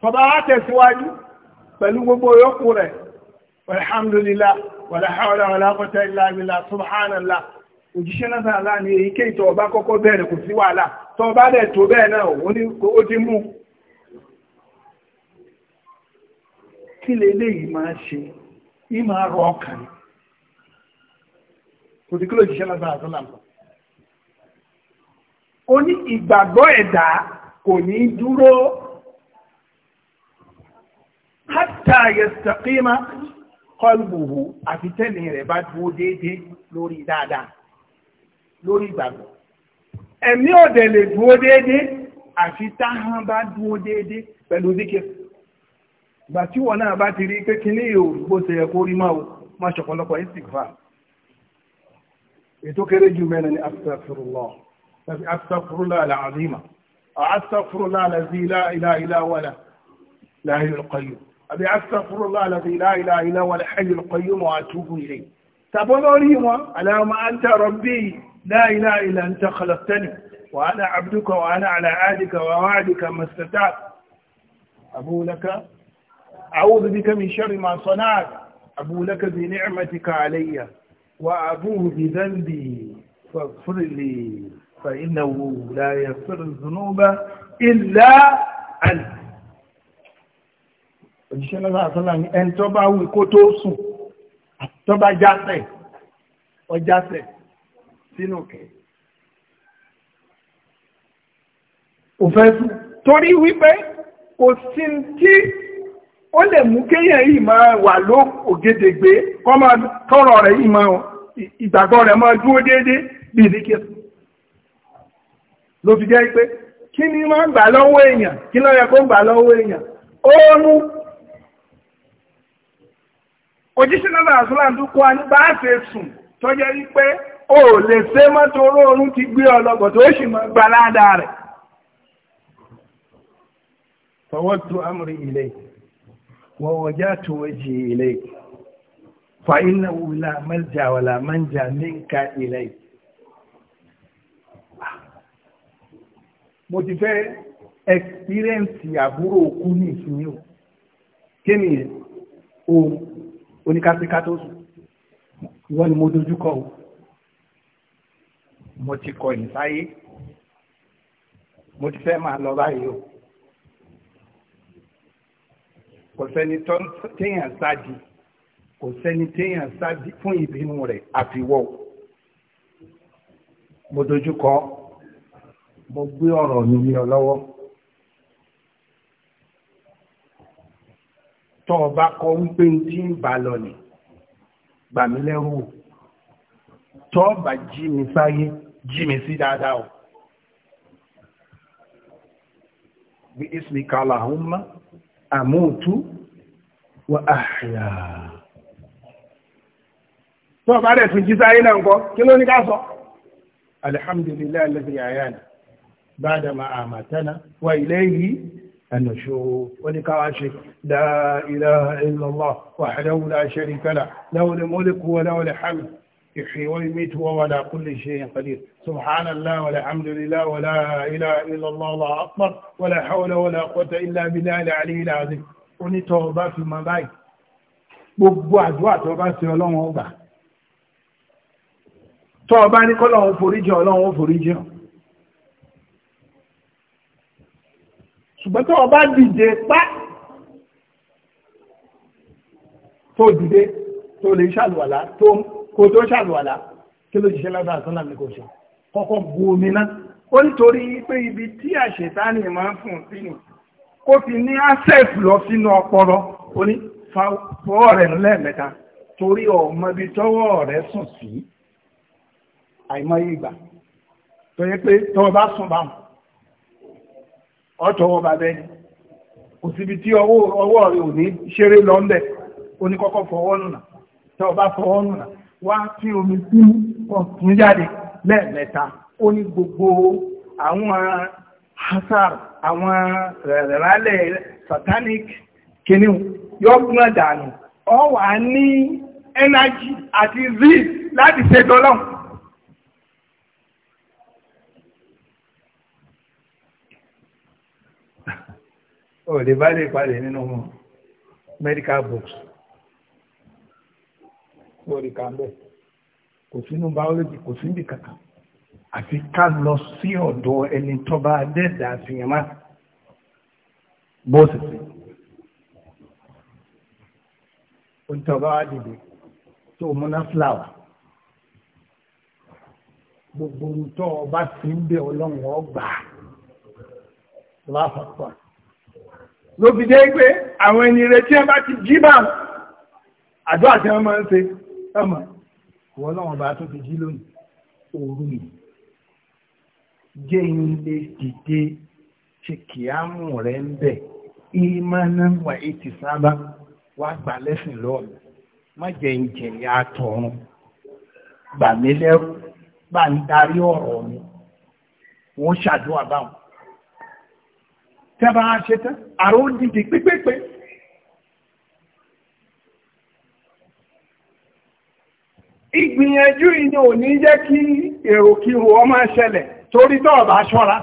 tọba látẹ̀síwájú pẹ̀lú gbogbo yókù rẹ̀ alhamdulillah wàlá hawla wàlá quwwata illa billah subhanallah òjíṣẹ́ náà sáà láàrin èyí kéyì tó ọba kọ́kọ́ bẹ̀rẹ̀ kò sí wàhálà tó ọba dẹ̀ tó bẹ́ẹ̀ náà ó ní ó ti mú kí kò ní ìgbàgbọ́ ẹ̀dá kò ní dúró hátà yẹ̀sítàkìmá kọlùbùhù àfi tẹ́lẹ̀ rẹ̀ bá dúró déédéé lórí dáadáa lórí ìgbàgbọ́ ẹ̀mí ọ̀dẹ̀ lè dúró déédéé àfi táhán bá dúró déédéé pẹ̀lú díkẹ́ ìgbà tí wọn náà bá ti rí pé kí ní yòó bó ṣe yẹ kó rí máa máa ṣọ̀pọ̀lọpọ̀ ìsìnkfà ètò kéré jù mẹ́rin ni astaghfirullah astaghfirullah al-azima astaghfirullah allazi la ilaha illa huwa al-hayyul qayyum أبي أستغفر الله الذي لا إله إلا هو الحي القيوم وأتوب إليه تبولوني ما على ما أنت ربي لا إله إلا أنت خلقتني وأنا عبدك وأنا على عهدك ووعدك ما استطعت أبو لك أعوذ بك من شر ما صنعت أبو لك بنعمتك علي وأبو بذنبي فاغفر لي فإنه لا يغفر الذنوب إلا أنت òjíṣẹ́ lọ́sà àtọ́là ní ẹni tó bá wí kó tó sùn tó bá jásẹ̀ ọjásẹ̀ sínú kẹ òfẹ́ sùn torí wípé kò sí tí ó lè mú kéèyàn yìí máa wà ló ògedègbé kọ́rọ̀ rẹ̀ yìí máa ìgbàgbọ́ rẹ̀ máa dúró déédéé bí ìdíkẹ́ ló fi jẹ́ pé kí ni máa gbà lọ́wọ́ èèyàn kí ló kó gbà lọ́wọ́ èèyàn oorun òjíṣẹ́ náà àṣọ́là tó kọ́ nígbà àṣẹ sùn tó jẹ́ wípé ó lè ṣe mọ́tò oróorun ti gbé ọlọ́gọ̀ tó sì mọ́ gba ládàá rẹ̀. fawattu amri ilayk wa wajjahtu wajhi ilayk fa innahu la malja wa mo ti fẹ́ ẹ̀kspírẹ́ǹsì àbúrò òkú ní ìsinyìí kí ni oníkásíká tó sùn ni mo dojúkọ o mo ti kọ ìsáyé mo ti fẹ́ máa lọ báyìí o kò sẹ́ni téèyàn sáàdì kò sẹ́ni téèyàn sáàdì fún ìbínú rẹ̀ àfiwọ́ mo dojúkọ mo gbé ọ̀rọ̀ mi lé lọ́wọ́. tọ́ ọba kọ wípé ń tí ń bá lọ nì gbà mí lẹ́rù tọ́ ọba jí mi sáyé jí mi sí dáadáa o bí ismika Allahumma àmóòtú wa ahya tọ́ ọba rẹ̀ tún jí sáyé náà ńkọ́ kí ló ní ká sọ alhamdulillahi alladhi ahyana ba'da ma amatana wa ilayhi النشوف ونكاشف لا إله إلا الله وحده لا شريك له له الملك وله الحمد يحيي ويميت وهو على كل شيء قدير سبحان الله والحمد لله ولا إله إلا الله الله أكبر ولا حول ولا قوة إلا بالله العلي العظيم onítọ̀ọ̀bá fi máa báyìí gbogbo àdúrà tó bá ṣe ọlọ́run ọgbà tọ́ọ̀bá ní kọ́lọ́run foríjì ọlọ́run foríjì hàn ṣùgbọ́n tó o bá dìde pá tó dìde tó lè ṣàlùwàlá tó kò tó ṣàlùwàlá kí ló ṣiṣẹ́ lábẹ́ àtúnlá mi kò ṣe kọ́kọ́ bu omi náà ó nítorí pé ibi tí àṣetánì máa ń fún sínú kó fi ní access lọ sínú ọpọlọ ó ní fọwọ́ rẹ̀ lẹ́ẹ̀mẹ́ta torí ọmọbi tọwọ́ rẹ̀ sùn sí àìmọye ìgbà tó yẹ pé tọwọ́ bá sùn báwọn ọ̀tọ̀wọ̀ bàbẹ́ ni kò síbi tí ọwọ́ rẹ̀ ò ní ṣeré lọ́ńbẹ̀ oníkọ́kọ́ fọwọ́ nùnà tọ́ bá fọwọ́ nùnà wá tí omi tí wọ́n tún jáde lẹ́ẹ̀mẹ́ta ó ní gbogbo àwọn hasar àwọn rẹ̀rẹ̀rálẹ̀ satanic kìnnì yóò gbọ́n dànù ọ wà ní energy àti zeal láti ṣe dọ́lọ́hùn ò lè bá lè palẹ̀ nínú medical books lórí kàmbẹ́ kò sínú biology kò sínú kankan àfi ká lọ sí ọ̀dọ̀ ẹni tọ́ba dẹ́ẹ̀dà àfihàn máa bọ́ọ̀sì sí òǹtọ̀bá wa dìde tó múná fúláwà gbogbo ń tọ́ ọba sí ń bẹ ọlọ́run ọgbà láfàpọ̀ ló fi jẹ́ pé àwọn ẹni rẹ̀ tí wọ́n bá ti jí bá àdúrà tí wọ́n máa ń ṣe ọmọ ìwọ́n lọ́wọ́n bá tún ti jí lónìí òru yìí jẹ́ ilé dìde ṣe kìámù rẹ̀ ń bẹ̀ ìmọ̀nà wà ètì sábà wà gbà lẹ́sìn lọ́ọ̀lù má jẹ́ ìjẹ̀yà àtọ̀run gbà mí lẹ́rù bá ń darí ọ̀rọ̀ mi wọ́n ṣàdúrà báwọn tẹ́bà ṣetán àrò dìde pípépé ìgbìyànjú ìní ò ní jẹ́ kí èrò kíru ọmọ ṣẹlẹ̀ torí tó ọba ṣọ́ra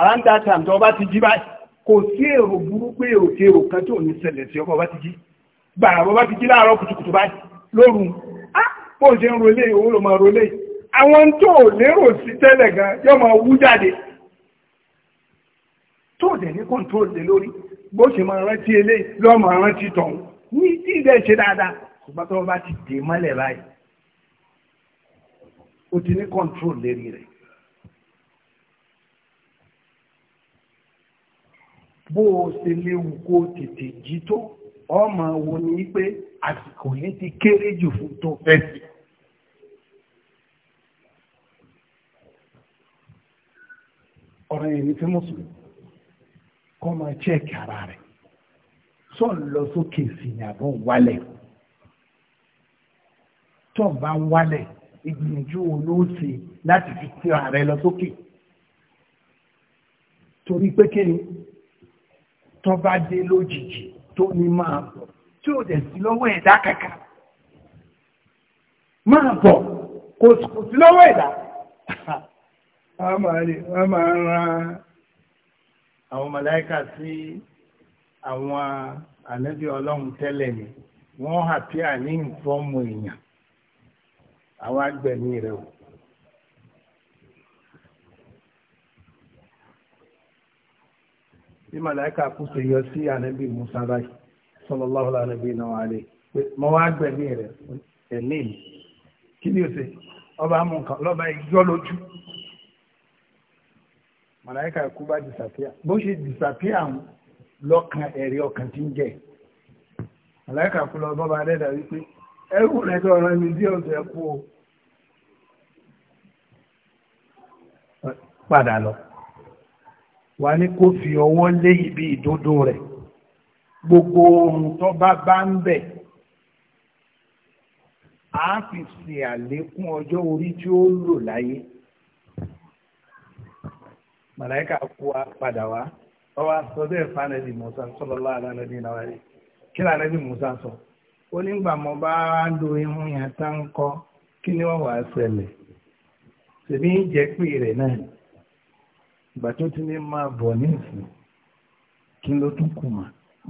around that ọba ti jí báyìí kò sí èrò burúkú èrò tí èrò kan tó ní ṣẹlẹ̀ sí ọba ti jí gbàrà ọba ti jí láàárọ̀ kùtùkùtù báyìí lóru pọ̀ ń rolé tó dẹ̀ ní control lé lórí bó ṣe máa rántí eléyìí lọ́ọ́ máa rántí tọ̀hún ní tí ìdẹ́ ṣe dáadáa ṣùgbọ́n tó bá ti dè mọ́lẹ̀ báyìí ó ti ní control lérí rẹ̀. bó o ṣe léwu kó tètè jí tó ọmọ wo ni pé àsìkò yìí ti kéré jù fún tó fẹ́ sí. ọ̀rọ̀ yìí ni fẹ́ mọ̀ sùn kọ́ máa chẹ́ẹ̀kì ara rẹ̀ sọ́ọ̀n lọ sókè sí ni àbọ̀ wálẹ̀ tọ́ọ̀n bá ń wálẹ̀ ìgbìyànjú wo ló ṣe láti fi tí ara rẹ̀ lọ sókè torí pé kí ni tó bá dé lójijì tó ní máa bọ̀ tí ò dẹ̀ sí lọ́wọ́ ẹ̀dá kankan máa bọ̀ kò sí lọ́wọ́ ẹ̀dá. àwọn màláíkà sí àwọn ànábì ọlọ́run tẹ́lẹ̀ ni wọ́n hàpí àní ìfọ́ọ̀mù èèyàn àwọn agbẹ̀mí rẹ̀ o. bí màláíkà kú sí yọ sí ànábì Musa báyìí sallallahu ànábì náà wà lè pé mo wá agbẹ̀mí rẹ̀ ẹ̀mí mi kí ni o ṣe ọba amúkan lọ́ba ìjọ́ lójú. Malaika ikú bá disappear bó ṣe disappear lọ́kàn ẹ̀rí ọkàn tí ń jẹ́ màláìka kú lọ bọ́ba adẹ́dà wípé ẹrù rẹ̀ tó ọ̀rọ̀ mi dí ọ̀sẹ̀ ẹ̀kú o padà lọ wà ní kó fi ọwọ́ lé ibi ìdodo rẹ̀ gbogbo ohun tó bá bá ń bẹ̀ á fi ṣe àlékún ọjọ́ orí tí ó lò láyé màláìka kú wa padà wá ọ wá sọ bẹ́ẹ̀ fún musa sallallahu alaihi wa Kila kí ni anabi musa sọ ó nígbà mo bá lo ihun yẹn tá ń kọ kí ni wọ́n wà á ṣẹlẹ̀ tèmi ń jẹ́ pé rẹ̀ náà ìgbà tó ti ní máa bọ̀ ní kí ló tún kù mà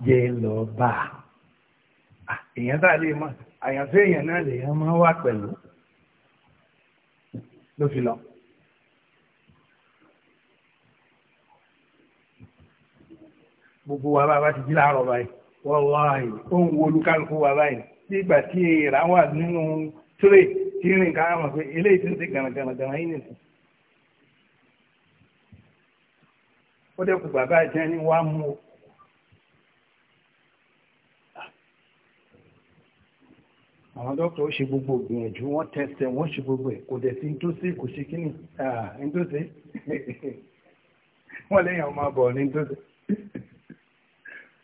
jẹ́ lọ bá a èèyàn tá a lè mọ àyànfẹ́ èèyàn náà lèèyàn máa wà pẹ̀lú ló lọ. gbogbo wa bá ti jí láàárọ̀ báyìí wọ́láì ó ń wo olúkálùkù wa báyìí nígbà tí èèrà wà nínú tírè tí rìn ká mọ̀ pé eléyìí ti ń ṣe gànàgànàgànà yìí nìkan. ó dẹ́kù bàbá ìjẹ́ ní wàá mú o. àwọn dókítà ó ṣe gbogbo ìgbìyànjú wọ́n tẹ̀sẹ̀ wọ́n ṣe gbogbo ẹ̀ kò dẹ̀ sí ntòsí kò ṣe kíni ntòsí wọ́n lẹ́yìn ọmọ àbọ̀ ní ntòsí.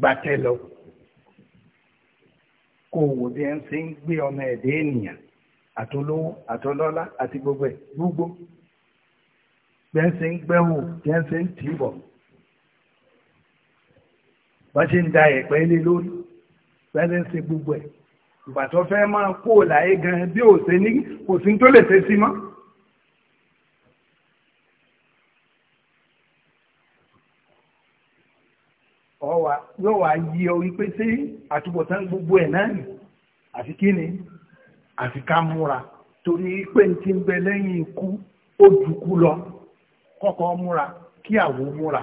gbàtẹ lọ kó wò bí ẹ ń ṣe ń gbé ọmọ ẹ̀dẹ́ ènìyàn àtolówó àtọlọ́lá àti gbogbo ẹ̀ gbogbo bí ẹ ń ṣe ń gbẹ́wò bí ẹ ń ṣe tì í bọ̀ bá ṣe ń da ẹ̀pẹ́ lé lórí bí ẹ ń ṣe gbogbo ẹ̀ ìgbà tó máa kó láyé gan bí ò ṣe ní kò sí tó lè ṣe sí mọ́. wà yí ọ wípé sí àtúbọ̀tán gbogbo ẹ̀ náà nì àfi kí ni àfi ká múra torí pé n ti ń bẹ lẹ́yìn ikú ó dùkú lọ kọ́kọ́ múra kí àwo múra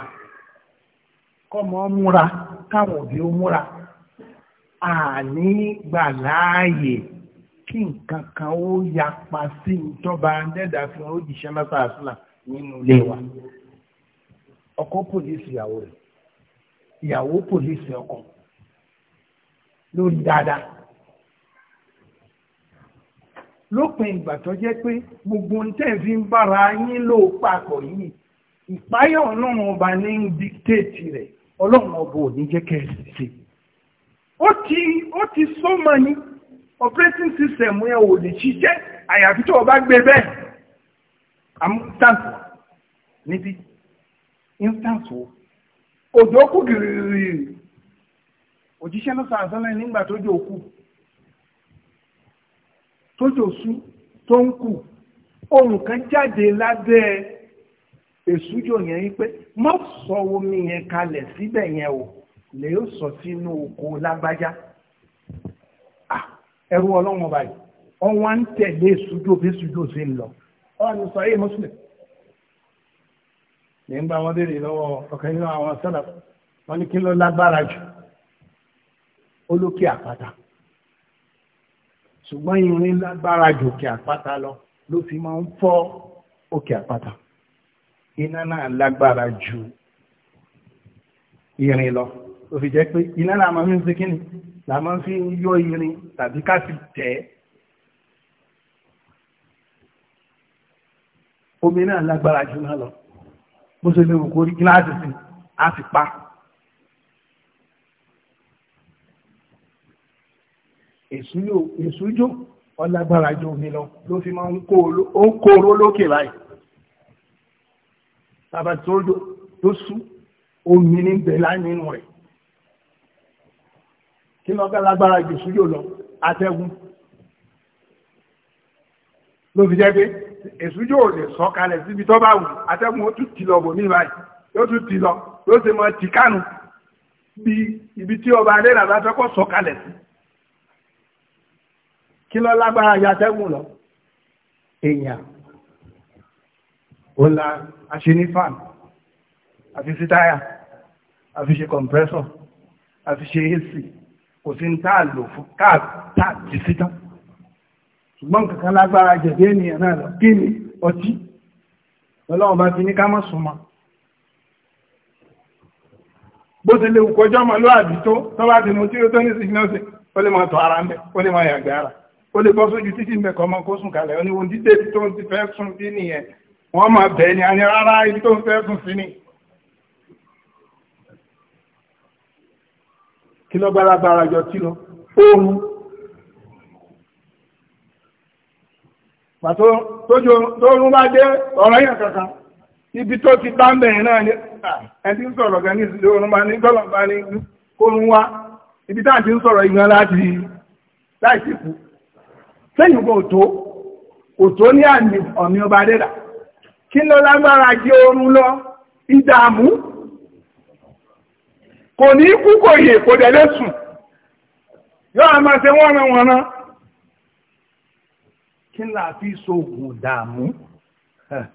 kọ́mọ múra káwọn òbí ó múra àní gbà láàyè kí nǹkan kan ó yapa sí ìjọba dẹ́dà fún òjìṣẹ́ lọ́sàásùlà nínú ilé wa ọkọ pòlìsì ìyàwó rẹ̀ ìyàwó pòlíìsì ọkọ lórí dáadáa lópin ìgbà tó jẹ́ pé gbogbo ń tẹ̀ fi ń bára yín lò papọ̀ yìí ìpáyọ̀ ọlọ́run ọba ní ń dictate rẹ̀ ọlọ́run ọba ò ní jẹ́ kẹ́sì sí ó ó ti sọ mọ ni operating system yẹn ò lè ṣiṣẹ́ àyàfi tó o bá gbé bẹ́ẹ̀ instance wo òjò kù gìrìrì òjíṣẹ́ náà sàásánlẹ̀ nígbà tó jò kù tó jò sú tó ń kù ohun kan jáde lábẹ́ èsújò yẹn wípé má sọ omi yẹn kalẹ̀ síbẹ̀ yẹn o lè ó sọ sínú oko lágbájá ẹrú ọlọ́run báyìí ọwọ́n ń tẹ̀lé èsújò bí èsújò sí ń lọ ọ̀run sọ yìí mùsùlùmí ní gbà wọ́n béèrè lọ́wọ́ ọ̀kan nínú àwọn sọ́dọ̀ wọ́n ní kí ló lágbára jù olókè àpáta ṣùgbọ́n irin lágbára jù òkè àpáta lọ ló fi máa ń fọ́ òkè àpáta iná náà lágbára jù irin lọ ó fi jẹ́ pé iná náà máa ń fi kíni là máa fi ń yọ irin tàbí ká sì tẹ̀ ẹ́ omi náà lágbára jù náà lọ bó ṣe lè wò kó rí gíláàsì sí á sì pa. èsújò ọlágbára jò mí lọ ló fi máa ń kóró lókè láì bàbá tó ló sú omi ní bẹ̀lá nínú rẹ̀ kí lọ́gá lágbára jù sújò lọ atẹ́gùn ló fi jẹ́ pé èṣù yóò lè sọ kalẹ̀ síbi tó bá wù atẹ́gùn ó tún ti lọ bòmí báyìí yóò tún ti lọ yóò ṣe mọ tìkánu bí ibi tí ọba adé rà bá fẹ́ kọ́ sọ kalẹ̀ sí kí lọ lágbára yàtẹ́gùn lọ èèyàn ó la aṣínífàn àfi sí táyà àfi ṣe kọ̀m̀pẹ́sọ̀ àfi ṣe ac kò sí ní táà lò fún káà táà ti sí tán ṣùgbọ́n kankan lágbára jẹ̀dẹ́ ènìyàn náà lọ kí ni ọtí lọ́lọ́wọ́ bá ti ní ká má súnmọ́ bó ti lè kọjọ́ ọmọ lóàbí tó tó bá ti mú tí ó tó ní sísìn náà sí ó lè máa tọ̀ ara ń bẹ̀ ó lè máa yàgbẹ́ ara ó lè bọ́ sójú pàtó tóórùn bá dé ọ̀rọ̀ yàn kankan ibi tó ti bá ń bẹ̀rẹ̀ náà ni ẹni ń sọ̀rọ̀ gan ní ìsìlẹ̀ oòrùn bá ní gọ́lọ̀ bá ní kórun wá ibi táà ti ń sọ̀rọ̀ ìgbọ́n láti láìsí kú sẹ́yìn kò tó kò tó kí n láà fi sóògùn dààmú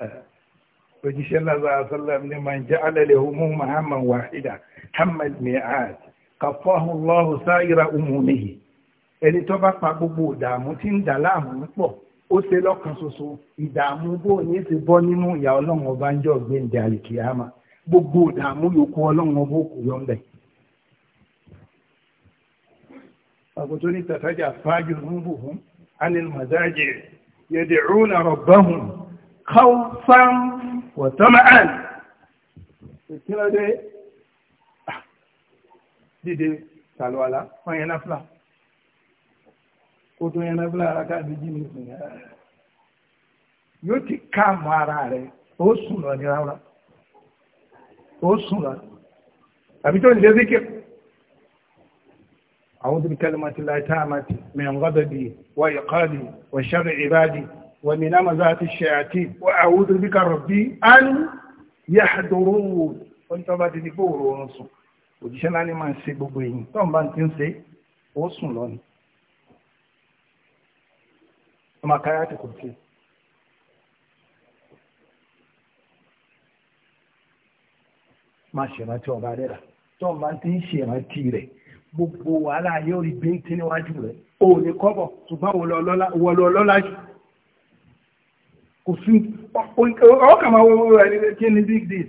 òjíṣẹ́ lára sallam ní man ja'ala lahu muhamman wahida hamad mi'ad kaffahu Allahu sa'ira umumihi ẹni tó bá pa gbogbo ìdààmú tí ń dà láàmú pọ̀ ó lọ́kàn ìdààmú bó ní ti bọ́ nínú ọlọ́run ọba ń jọ gbogbo ìdààmú yòókù ọlọ́run ọba òkú àgùntàn ní tàtàjà fáájú ń bù fún عن المزاجع يدعون ربهم خوفا وطمعا ìkílódé dìde sàlùwàlá wọn yẹn náfìlà ó tún yẹn náfìlà ara ká méjì ní ìsìn yóò ti káàmù ara rẹ ó sùn lọ ní rárá ó sùn lọ tàbí tó ń lé síkìrì. أعوذ بكلمة الله تامة من غضبي وإقابي وشر عبادي ومن همزات الشياطين وأعوذ بك ربي أن يحضرون وانت بعد نقول ونصر òjíṣẹ́ ńlá ní máa ń ṣe gbogbo èyí tó ń bá ti ń ṣe ó sùn lọ ni ọmọ akáyà ti kò sí. máa ṣèrántí ọba rẹ̀ rà tó ń bá ti ń ṣèrántí rẹ̀ gbogbo wàhálà yóò rí bíntín níwájú rẹ̀ o lè kọ́bọ̀ ṣùgbọ́n wọ́n lọ lọ́lá jù kò sí ọkà máa wọ́n wọ́n rẹ̀ kí ni big deal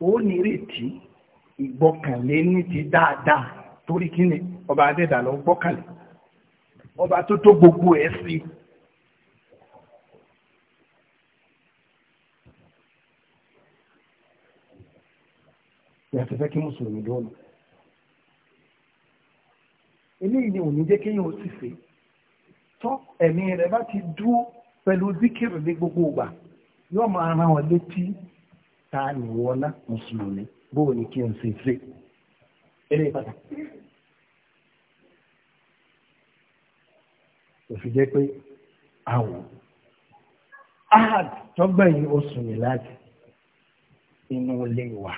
ó nírètí ìgbọ́kànlé ní ti dáadáa torí kí ni ọba adẹ́dà lọ gbọ́kànlé ọba tó tó gbogbo ẹ̀ sí i. yàtọ̀ fẹ́ kí mùsùlùmí dọ́ọ̀nù eléyìí ni òní jẹ́ kéèyàn ó sì fè tọ́ ẹ̀mí rẹ̀ bá ti dúró pẹ̀lú zikiri ní gbogbo ìgbà yóò máa ran ọ létí ta ni wọlá mùsùlùmí bóò ni kí n ṣe fè eré pàtàkì. òfin jẹ́ pé àwọn ahad tọ́gbẹ̀yìn oṣù mi láti inú ilé wa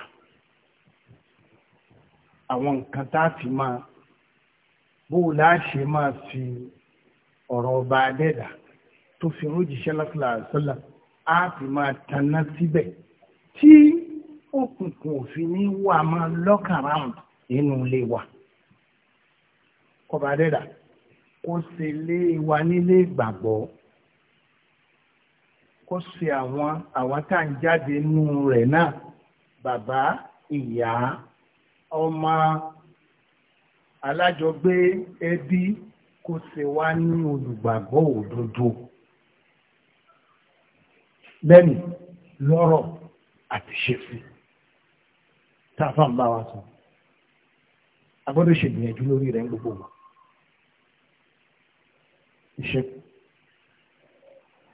àwọn nǹkan tá a fi máa bó o láṣẹ máa fi ọ̀rọ̀ ọba adẹ́dà tó fi rújìṣẹ́ lọ́sọ̀lá á fi máa taná síbẹ̀ tí òkùnkùn òfin ní wà máa lọ́kàrán nínú ilé wa ọba adẹ́dà kó ṣe lé wa nílé ìgbàgbọ́ kó ṣe àwọn àwọn tá à ń jáde nínú rẹ̀ náà bàbá ìyá ọmọ alájọgbé ẹbí kó ṣe wá ní olùgbàgbọ́ òdodo lẹ́nu lọ́rọ̀ àti ṣèṣì táfà ń bá wa sọ agbọ́dọ̀ ṣègbìyànjú lórí rẹ̀ ń gbogbo wa iṣẹ́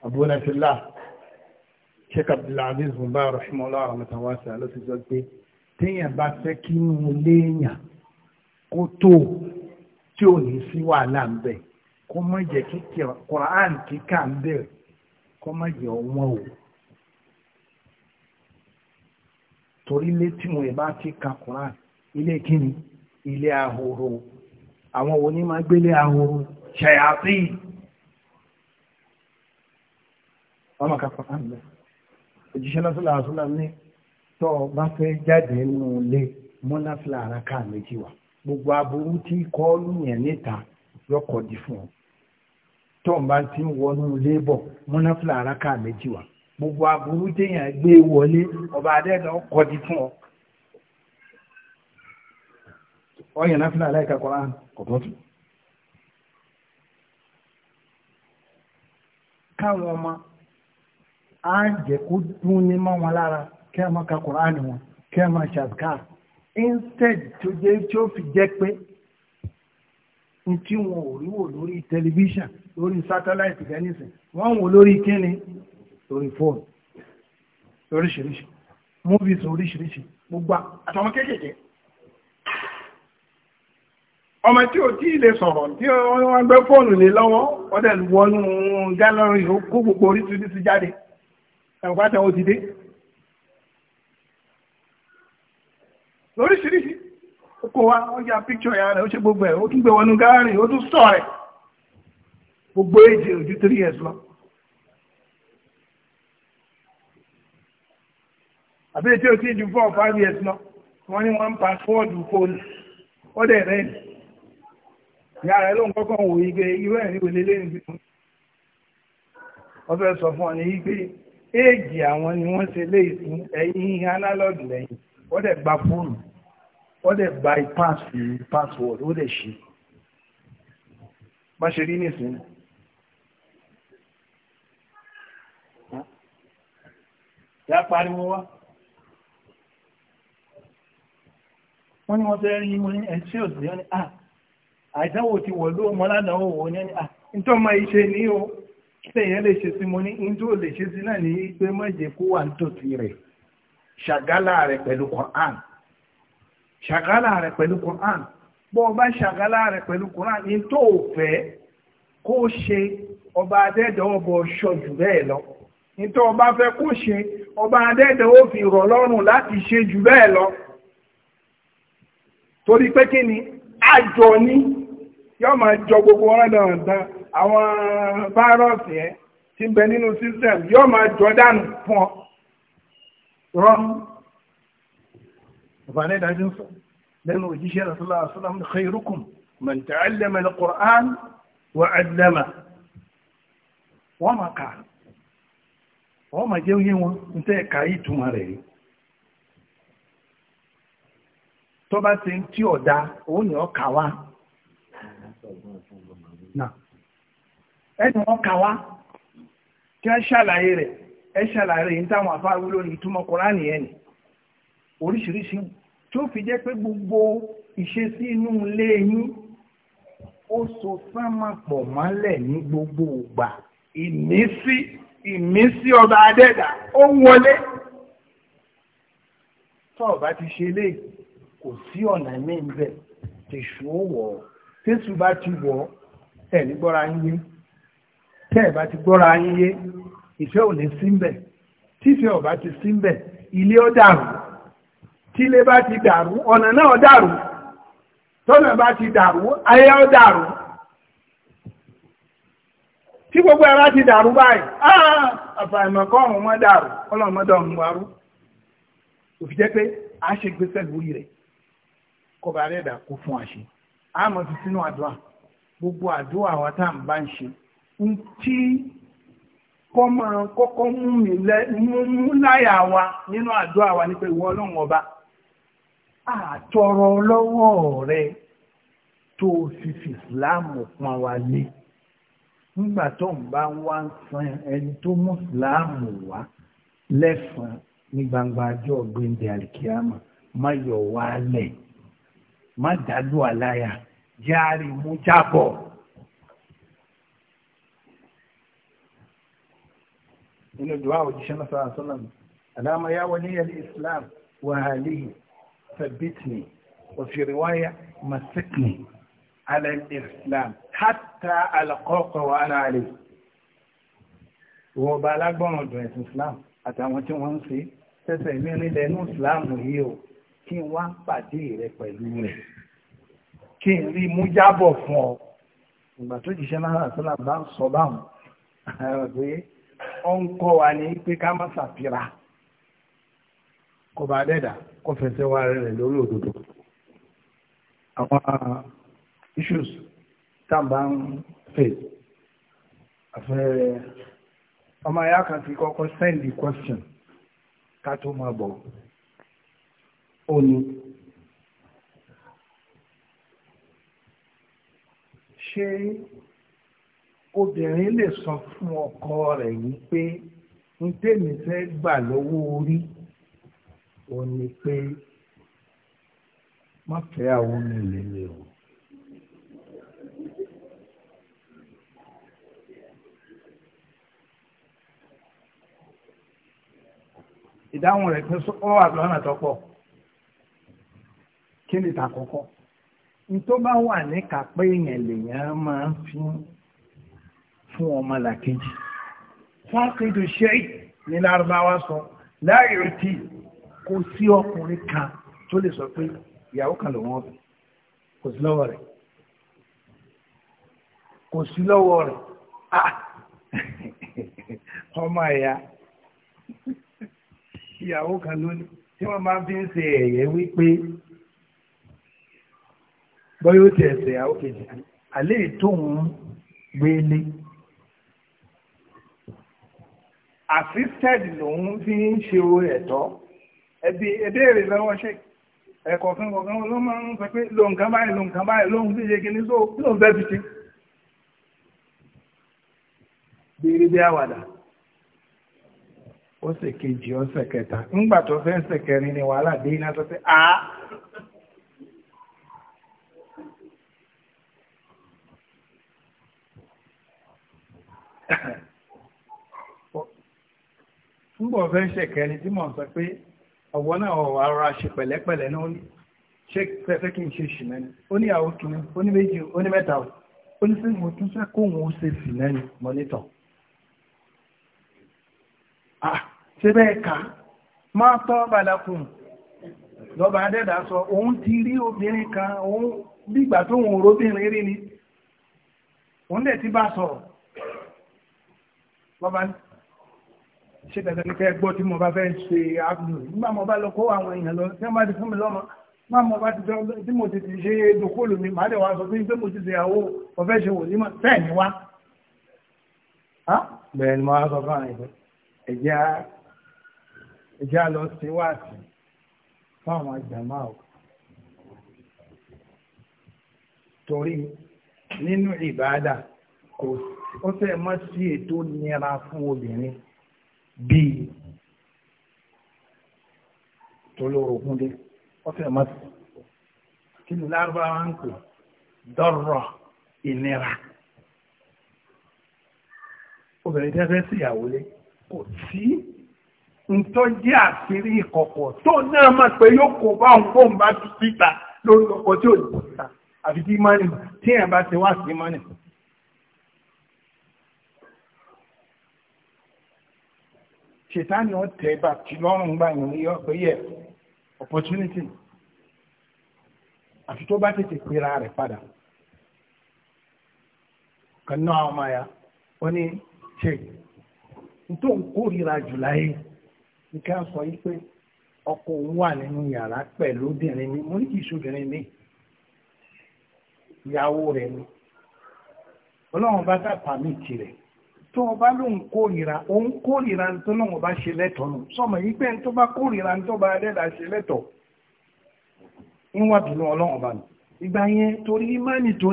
abúlé fìlà sheikh abdulaziz bumba rahimahullah rahmatawasa ló ti téèyàn bá fẹ́ kí inú léèyàn kó tó tí ò ní sí wàhálà ń bẹ̀ kó má jẹ́ kí Quran kíkà ń bẹ̀ o. torí ilé tí wọn ti ka Quran ilé kíni ilé ahoro àwọn gbélé ahoro ṣayàtì wọn mọ̀ tó ọ bá fẹ́ jáde nínú ilé múnáfìlà ara ká méjì wá gbogbo aburú tí kọ́ọ́lù yẹn níta yọkọ̀ di fún ọ tó o bá ti ń wọnú ilé bọ̀ múnáfìlà ara ká méjì wá gbogbo aburú téèyàn gbé wọlé ọba di fún ọ. ọyàn aláìka tù. káwọn ọmọ á kó dún ní mọ́ wọn lára. kí ka kùránì wọn kí a instead tó jẹ́ tí ó fi jẹ́ pé n tí wọn ò rí wò lórí tẹlifíṣàn lórí sátáláìtì gẹ́nìsìn wọ́n wò lórí kíni lórí fóònù lóríṣiríṣi movies oríṣiríṣi gbogbo àtàwọn kéékèèké ọmọ tí ò tí ilé sọ̀rọ̀ tí wọ́n gbé fóònù lé lọ́wọ́ wọ́n dẹ̀ wọnú gálọ́rì ó kó gbogbo oríṣiríṣi jáde ẹ̀wọ̀n pátá ó ti dé lóríṣiríṣi oko wa wọ́n jẹ́ píkṣọ ya rẹ̀ ó ṣe gbogbo ẹ̀ ó tún gbẹ̀wọ́nú gáàrin ó tún sọ gbogbo eji oju 3 years lọ àbí ètò tí ìjú 4 or 5 years lọ wọ́n ní wọ́n ń pa fọ́ọ̀dù fóònù ó dẹ̀ rẹ̀ ní ìyá rẹ̀ ló ń kọ́kọ́ wò igbe irú ẹ̀rí wò lélẹ́ ní fífún wọ́n fẹ́ sọ fún ni wọn ṣe lé ìsún ẹ̀yìn ìhàn alọ́dún ó dẹ̀ gba fóònù ó dẹ̀ gba ìpáàsì password ó dẹ̀ ṣe bá ya pariwo wá wọ́n ni wọ́n fẹ́ rí mú ní ẹ̀sí òsì ni ti wọ̀ ló mọ́ládà ní ma iṣẹ́ ní o kí lèyàn lè ṣe sí mú ní ní tó lè ṣe sí náà ní pé kó wà rẹ̀ ṣàgálà rẹ̀ pẹ̀lú Quran ṣàgálà rẹ̀ pẹ̀lú Quran bọ́ ọba ṣàgálà rẹ̀ pẹ̀lú Quran ní tó fẹ́ kó ṣe ọba adẹ́dẹ̀ ọbọ̀ ṣọ́jú bẹ́ẹ̀ lọ ní tó ọba fẹ́ kó ṣe ọba adẹ́dẹ̀ fi rọ̀ lọ́rùn láti ṣe jù bẹ́ẹ̀ lọ torí pé kí ni àjọ ní yóò máa jọ gbogbo wọn dandan àwọn fáírọ̀sì ẹ ti bẹ nínú system yóò máa jọ dànù fún ọ rọ́ọ̀mù bàbá náà dájú ń sọ lẹ́nu òjíṣẹ́ rasúlá rasúlá mú khairukum man ta'allama al-Qur'an wa 'allama wọ́n máa kà wọ́n máa jẹ́ oyé wọn ń tẹ́ ẹ̀ka yìí túmọ̀ rẹ̀ yìí tó bá ti ń tí ọ̀dá òun ni ọkà wá ẹni ọkà wá kí wọ́n ṣàlàyé rẹ̀ ẹ ṣàlàyé ní táwọn afáwí lórí ìtumọ̀ kọ́ránì ẹ̀ ní oríṣiríṣi tó fi jẹ́ pé gbogbo ìṣesí inú ilé yín ó so sánmà pọ̀ mọ́lẹ̀ ní gbogbo ìgbà ìmísí ìmísí ọba adẹ́dà ó wọlé tọ́ọ̀bá ti ṣe lé kò sí ọ̀nà míì bẹ̀ wọ̀ ọ́ bá ti wọ̀ ẹ̀ ní gbọ́ra yín yé tẹ́ẹ̀ bá ti gbọ́ra yín yé ìfẹ́ ò ní símbẹ̀ tífẹ́ ọ̀bá ti símbẹ̀ ilé ó dàrú tílé bá ti dàrú ọ̀nà náà dàrú tọ́nà bá ti dàrú ayé ó dàrú tí gbogbo ara ti dàrú báyìí ah, àfàìmọ̀kọ́ ọ̀run mọ́ dàrú ọlọ́mọdé ọ̀run warú òfin jẹ́ pé a ṣe gbèsè lórí rẹ̀ kọba rẹ̀ dà kó fún àṣẹ a mọ̀ sínú àdúrà gbogbo àdúrà wa tá à ń bá ń ṣe ń tí kọ́ máa kọ́kọ́ mú láyà wa nínú àdúrà wa ní pé ìwọ ọlọ́run ọba àtọrọ lọ́wọ́ rẹ tó fi fi pọn wa lé nígbà tó ń bá wá ń san ẹni tó mú ìsìláàmù wá lẹ́fọn ní gbangba ọjọ́ gbẹ̀ndẹ̀ àlìkíyàmà má yọ̀ wá lẹ̀ má dàlú àláyà járe mú jábọ̀. nínú dùá òjíṣẹ́ náà sọ́nà sọ́nà alama ya waliya al-islam wa alihi thabbitni wa fi riwaya masikni ala al-islam hatta alqaqa wa ana alayhi wọ́n bá alágbọ́n ọ̀dọ̀ ẹ̀sìn islam àtàwọn tí wọ́n ń ṣe tẹ́sẹ̀ mẹ́rin lẹ́nu islam yìí o kí n wá pàdé rẹ pẹ̀lú rẹ̀ kí n rí mú jábọ̀ fún ọ ìgbà tó jíṣẹ́ náà sọ́lá bá ń ọ ń kọ́ wa ní pé ká má ṣàfira kò bá dẹ́dà kó fẹsẹ̀ wá rẹ̀ lórí òdodo àwọn issues tàbá ń fẹ́ àfẹ́rẹ́ ọmọ ayá kan ti kọ́kọ́ send the question ká tó máa bọ̀ ó ní ṣé obìnrin lè sọ fún ọkọ rẹ̀ wípé ní tèmi fẹ́ gbà lọ́wọ́ orí ò ní pé má fẹ́ àwọn mi lèmi o. ìdáhùn rẹ̀ pé ó wà lọ́nà tó pọ̀ kí ni tàkọ́kọ́ ní tó bá wà ní kápẹ́ èèyàn lèèyàn máa ń fi fún ọmọ làkejì fákìdù ṣẹ́yì ní lárúbáwá sọ láàyò tí kò sí ọkùnrin kan tó lè sọ pé ìyàwó kan lòun ọbẹ̀ kò sí lọ́wọ́ rẹ̀ kò sí lọ́wọ́ rẹ̀ ah! ọmọ ẹ̀yà ìyàwó kan lónìí tí wọ́n máa fi ń ṣe ẹ̀yẹ wípé bọ́yọ́ tiẹ̀ ìyàwó kejì àlẹ́ ètò òun gbélé. assisted lòun fi ń ṣe ẹ̀tọ́ ẹbí ẹbéèrè lọ́wọ́ ṣe ẹ̀kọ́ kọ̀ọ̀kan ló máa ń sọ pé lóun kan báyìí lóun kan báyìí lóun fi ṣe kìíní sóò lóun fẹ́ fi ṣe. bírí bí àwàdà ó sì kejì ọ̀sẹ̀ kẹta ńgbà tó fẹ́ ni wàhálà dé iná tó fẹ́ túbọ̀ fẹ́ ṣẹ̀kẹ́ ni tí mò ń sọ pé ọ̀wọ́ náà ọ̀wọ́ ara ṣe pẹ̀lẹ́pẹ̀lẹ́ náà ó ní ṣe fẹ́fẹ́ kí n ṣe ṣì mẹ́ni ó ní àwọn kìíní ó ní méjì ó ní mẹ́ta ó ní sí mo tún fẹ́ kóhun ó ṣe sì mẹ́ni mọ́nítọ̀. ṣé bẹ́ẹ̀ ká máa tọ́ balakun lọ́ba adẹ́dà sọ òun ti rí obìnrin kan òun bígbà tó òun róbìnrin rí ni òun dẹ̀ ti bá sọ̀rọ̀ lọ́ba adẹ́dà ṣe dandan ní kẹ́ gbọ́ tí mo bá fẹ́ ṣe àbúrò nígbà mo bá lọ kó àwọn èèyàn lọ tí wọ́n bá ti fún mi lọ́mọ máa mo bá ti jọ tí mo ti ṣe dòkóòlù mi màá dẹ̀ wá sọ pé mo ti ṣe àwọ ọ̀fẹ́ ṣe wò nímọ̀ bẹ́ẹ̀ ni wá. bẹ́ẹ̀ ni mo wá sọ fún àìsàn ẹ̀jẹ̀ á lọ sí wáàsí fún àwọn àjàmá o torí nínú ìbáadà kò ó fẹ́ mọ́ sí ètò nira fún obìnrin bíi tolórogúndé ọ̀fẹ́ mọ́sí kí ni lárúbáwá ń pè dọ́rọ̀ ìnira obìnrin tẹ́fẹ́ síyàwó lé kò sí ntọ́ jẹ́ àṣírí ìkọ̀kọ̀ tó náà máa pé yóò kó bá òun kó ń bá ti síta lórí ọkọ̀ tí ò lè pọ̀ síta àfi tí ìmánì tí ẹ̀ bá ti wá sí ìmánì ṣètánì ó tẹ bàtí lọ́rùn gbà yàn yọ pé yẹ opportunity àti tó bá tètè pera rẹ̀ padà kan àwọn ọmọ ya ó ní ṣe tó ń kórìíra jù láyé sọ pé ọkọ òun wà nínú yàrá pẹ̀lú obìnrin ní tó o bá ló kórìíra o ń kórìíra tó náà bá ṣe lẹ́tọ̀ nù sọmọ yìí pé tó bá kórìíra tó bá ṣe lẹ́tọ̀ ọlọ́run bá nù ìgbà yẹn torí ìmánì tó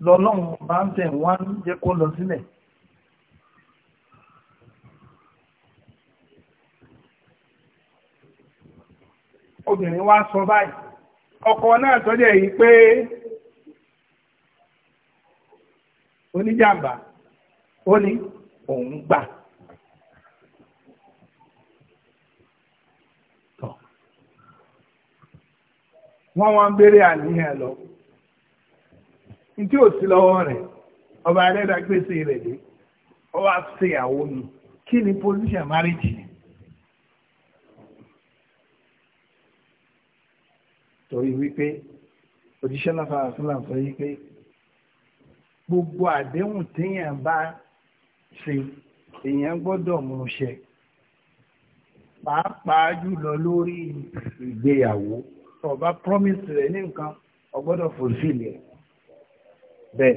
lọ́lọ́run bá ń tẹ̀ òun gbà. wọ́n wá ń béèrè àníyàn lọ ntí ò sí lọ́wọ́ rẹ̀ ọba adẹ́dá gbèsè rẹ̀ dé ọ wá ṣe ìyàwó kí ni position marriage yẹn. torí wípé òjíṣẹ́ náà fara sílẹ̀ sọ yí pé gbogbo àdéhùn téèyàn bá ṣe èèyàn gbọ́dọ̀ mú ṣe pàápàá jùlọ lórí ìgbéyàwó tó bá promise rẹ̀ ní nǹkan o gbọ́dọ̀ fulfill ẹ̀ bẹ́ẹ̀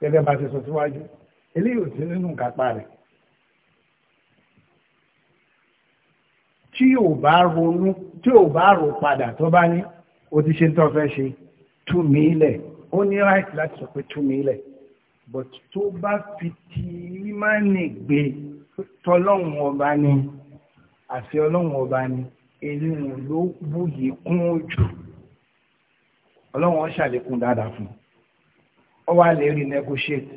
gẹ́gẹ́ bá ti sọ síwájú eléyìí ò sí nínú kápá rẹ̀ tí ò bá ronú tí ò bá rò padà tó bá ní o ti ṣe ń tọ́ fẹ́ ṣe tú mi lẹ̀ ó ní right láti sọ pé tú mi lẹ̀ but tó bá fi ti ìmánì gbé tọlọ́hun ọba ni àfi ọlọ́hun ọba ni eléyìn ló búyì kún ojú ọlọ́hun ṣàlékún dáadáa fún ọ wá lè rí negotiate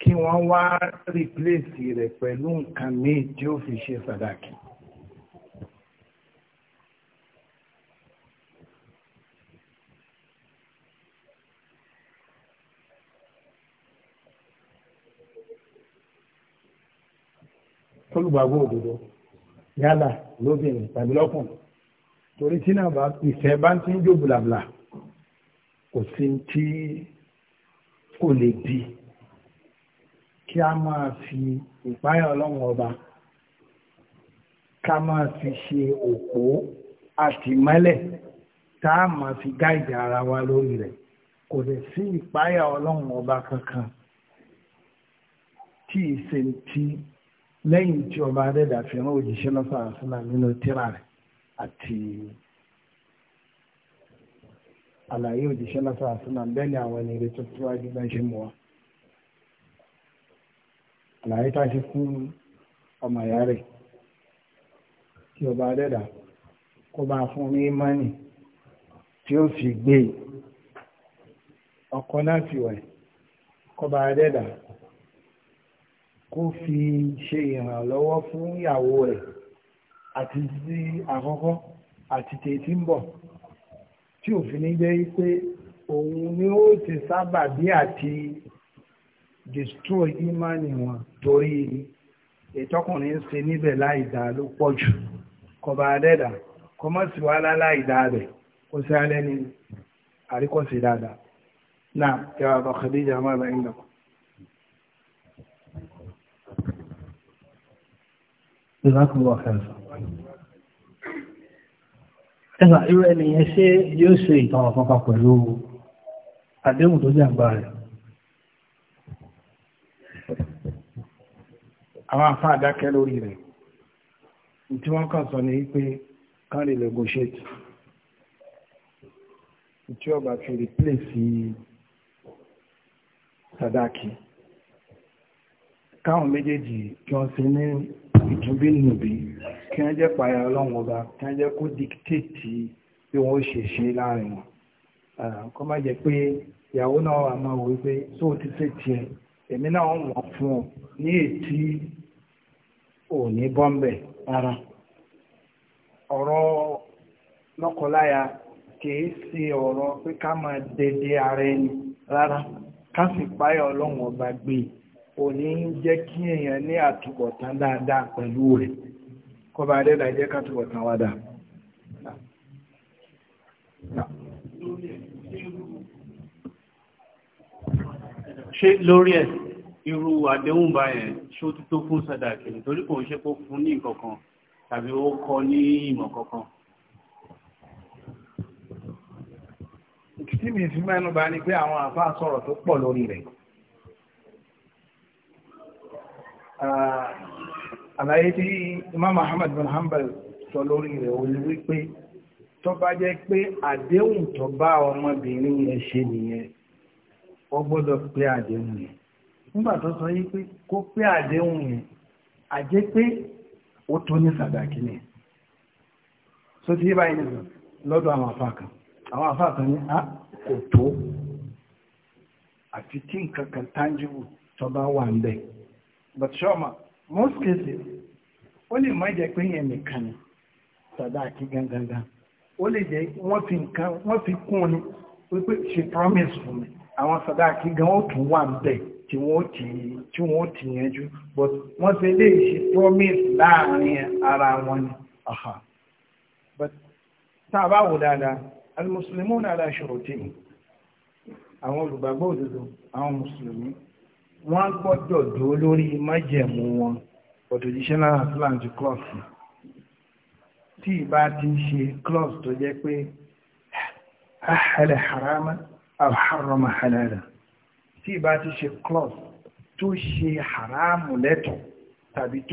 kí wọ́n wá replace rẹ̀ pẹ̀lú nǹkan míì tí ó fi ṣe sàdáàkì. olùgbàgbọ́ òdodo yálà lóbìnrin tàbí lọ́kùnrin torí tí náà bá ìfẹ́ bá ń tí ń jó bùlàbùlà kò sí tí kò lè di kí a máa fi ìpáyà ọlọ́run ọba ká máa fi ṣe òpó àtìmọ́lẹ̀ tá a máa fi gáìdì ara wa lórí rẹ̀ kò lè sí ìpáyà ọlọ́run ọba kankan tí ìsèǹtì lẹ́yìn tí ọba adẹ́dà fi rán òjíṣẹ́ lọ́sà àṣìlá nínú tírà rẹ̀ àti àlàyé òjíṣẹ́ lọ́sà àṣìlá bẹ́ẹ̀ ni àwọn ènìyàn tó tó wájú bá ṣe mú àlàyé tá a ṣe fún ọmọ ìyá rẹ̀ tí ọba adẹ́dà kó bá fún ní mánì tí ó fi gbé ọkọ láti wẹ̀ kọba adẹ́dà kó fi ṣe ìrànlọ́wọ́ fún ìyàwó rẹ̀ àti sí àkọ́kọ́ àti tètè ń bọ̀ tí òfin ní jẹ́ pé òun ni ó ti sábà bí àti destroy imani wọn torí ìtọ́kùnrin ń ṣe níbẹ̀ láìdá ló pọ̀ jù kọba adẹ́dà kọmọ́sí wa láìdá rẹ̀ kó sí alẹ́ ní àríkọ́sí dáadáa náà ẹwà bàkàdé jàmáà bá ń dàkọ́ Ìzákùnlọ́ ọ̀fẹ́sọ. Ẹgbà irú ẹni yẹn ṣé yóò ṣe ìtàn ọ̀pọ̀pọ̀ pẹ̀lú àdéhùn tó jẹ́ àgbà rẹ̀. Àwọn afá àdákẹ́ lórí rẹ̀. Tí wọ́n kàn sọ ní wípé kán lè negotiate. Tí ọba fi replace Sadaki. káwọn méjèèjì kí wọ́n ṣe ní ìtúbínúbí kí wọ́n jẹ́ payà ọlọ́run ọba kí wọ́n jẹ́ kó dìkítètì bí wọ́n ṣe ṣe láàrin pé ìyàwó náà wà máa tó ti ṣe tiẹ̀ èmi náà fún ọ ní ètí òní bọ́m̀bẹ̀ rárá ọ̀rọ̀ kìí ọ̀rọ̀ pé ká máa dédé ara ẹni rárá ká sì kò ní jẹ́ kí èèyàn ní àtúbọ̀tán dáadáa pẹ̀lú rẹ̀ kọba adẹ́dà jẹ́ kàtúbọ̀tán wá dáa ṣé lórí ẹ̀ irú àdéhùn báyẹn ṣó ti tó fún sàdáàkì nítorí kò ń ṣe kó fún ní nǹkankan tàbí ó kọ ní ìmọ̀ kankan tí mi fi mẹ́nu bà ní pé àwọn àfáà sọ̀rọ̀ tó pọ̀ lórí rẹ̀ Ah, àlàyé tí Imam Ahmad bin Hanbal sọ lórí rẹ̀ ó tó bá jẹ́ pé àdéhùn tó bá ọmọbìnrin yẹn ṣe nìyẹn ó gbọ́dọ̀ pé àdéhùn yẹn nígbà tó sọ yìí kó pé àdéhùn yẹn àjẹ́ pé ó tó ní ni so tí báyìí nìkan lọ́dọ̀ àwọn àfáà kan àwọn àfáà kan ní a ah, kò tó àti tí nǹkan kan tangible tó bá wà ń bẹ́ẹ̀. bọ̀tíṣọ́mà most cases ó lè má jẹ́ pé yẹn nìkan ni sàdáàkì gangan ó lè jẹ́ wọ́n fi nǹkan wọ́n fi wípé she promise fún mi àwọn sàdáàkì gan ó tún wà níbẹ̀ tí wọ́n ti tí wọ́n ti yanjú but wọ́n ṣe lè ṣe promise láàrin ara wọn ni aha but tá a bá wò dáadáa alimusulmi náà aláṣọrọ tí àwọn olùgbàgbọ́ òdodo àwọn mùsùlùmí wọ́n gbọ́dọ̀ dúró lórí májẹ̀mú wọn ọ̀dọ̀jíṣẹ́ náà atlantic club tí ìbá ti ṣe club tó jẹ́ pé ahàlẹ̀ harama ṣe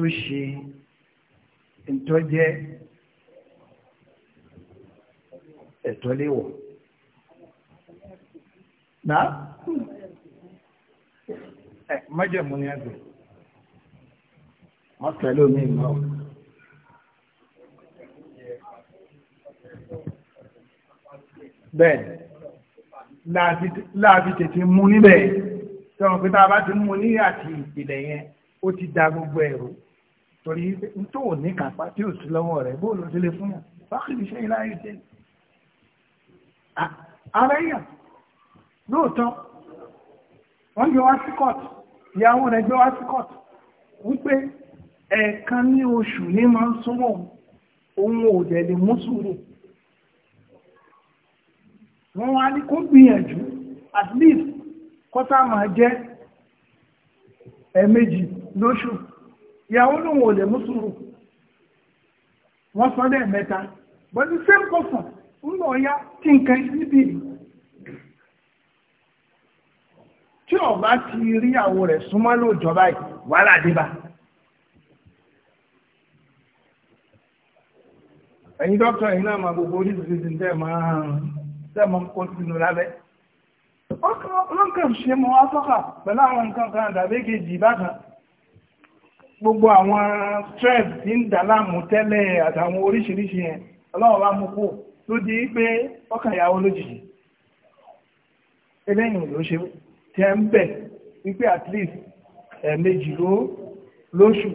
ṣe ẹ eh, májẹ̀mú ni ẹgbẹ̀ wọ́n pẹ̀lú mi mọ́ bẹ́ẹ̀ láàbí tètè mú níbẹ̀ tọ́wọ́n pé tá a bá ti mú ní àti ìpìlẹ̀ yẹn ó ti da gbogbo ẹ̀rù torí tó ò ní kápá tí ò sí lọ́wọ́ rẹ̀ bóòlù ti lè fún yàn fákìlì ṣe ìláyé tẹ́ ara èèyàn lóòótọ́ wọ́n yọ wá sí kọ́ọ̀tù ìyàwó rẹ̀ gbé wá sí kọ́ọ̀tù wípé ẹ̀ẹ̀kan ní oṣù ní máa ń súnmọ́ òun ò dẹ̀ lè mú sùúrù wọ́n wá ní kó gbìyànjú at least kọ́tà máa jẹ́ ẹ̀ẹ̀mejì lóṣù ìyàwó lòun ò lè wọ́n sọ lẹ́ẹ̀mẹ́ta but the same person ń lọ ya kí nǹkan níbi yìí tí ọba ti rí àwọn rẹ̀ súnmọ́ lóòjọba yìí wàhálà débà. ẹ̀yin dọ́kítọ̀ yìí náà máa gbogbo oríṣiríṣi tẹ́ máa tẹ́ máa ń kó sínú lábẹ́. ọlọ́nkà ṣe mọ́ wá sọ́kà pẹ̀lú àwọn nǹkan kan dàbí kejì bákan. gbogbo àwọn stress ti ń dà láàmú tẹ́lẹ̀ àtàwọn oríṣiríṣi yẹn ọlọ́run bá mú kó ló di pé ọkàn ìyàwó lójijì. eléyìí ló ṣe wí tẹ́ ń bẹ̀ wípé at least ẹ̀ẹ̀mejì ló lóṣù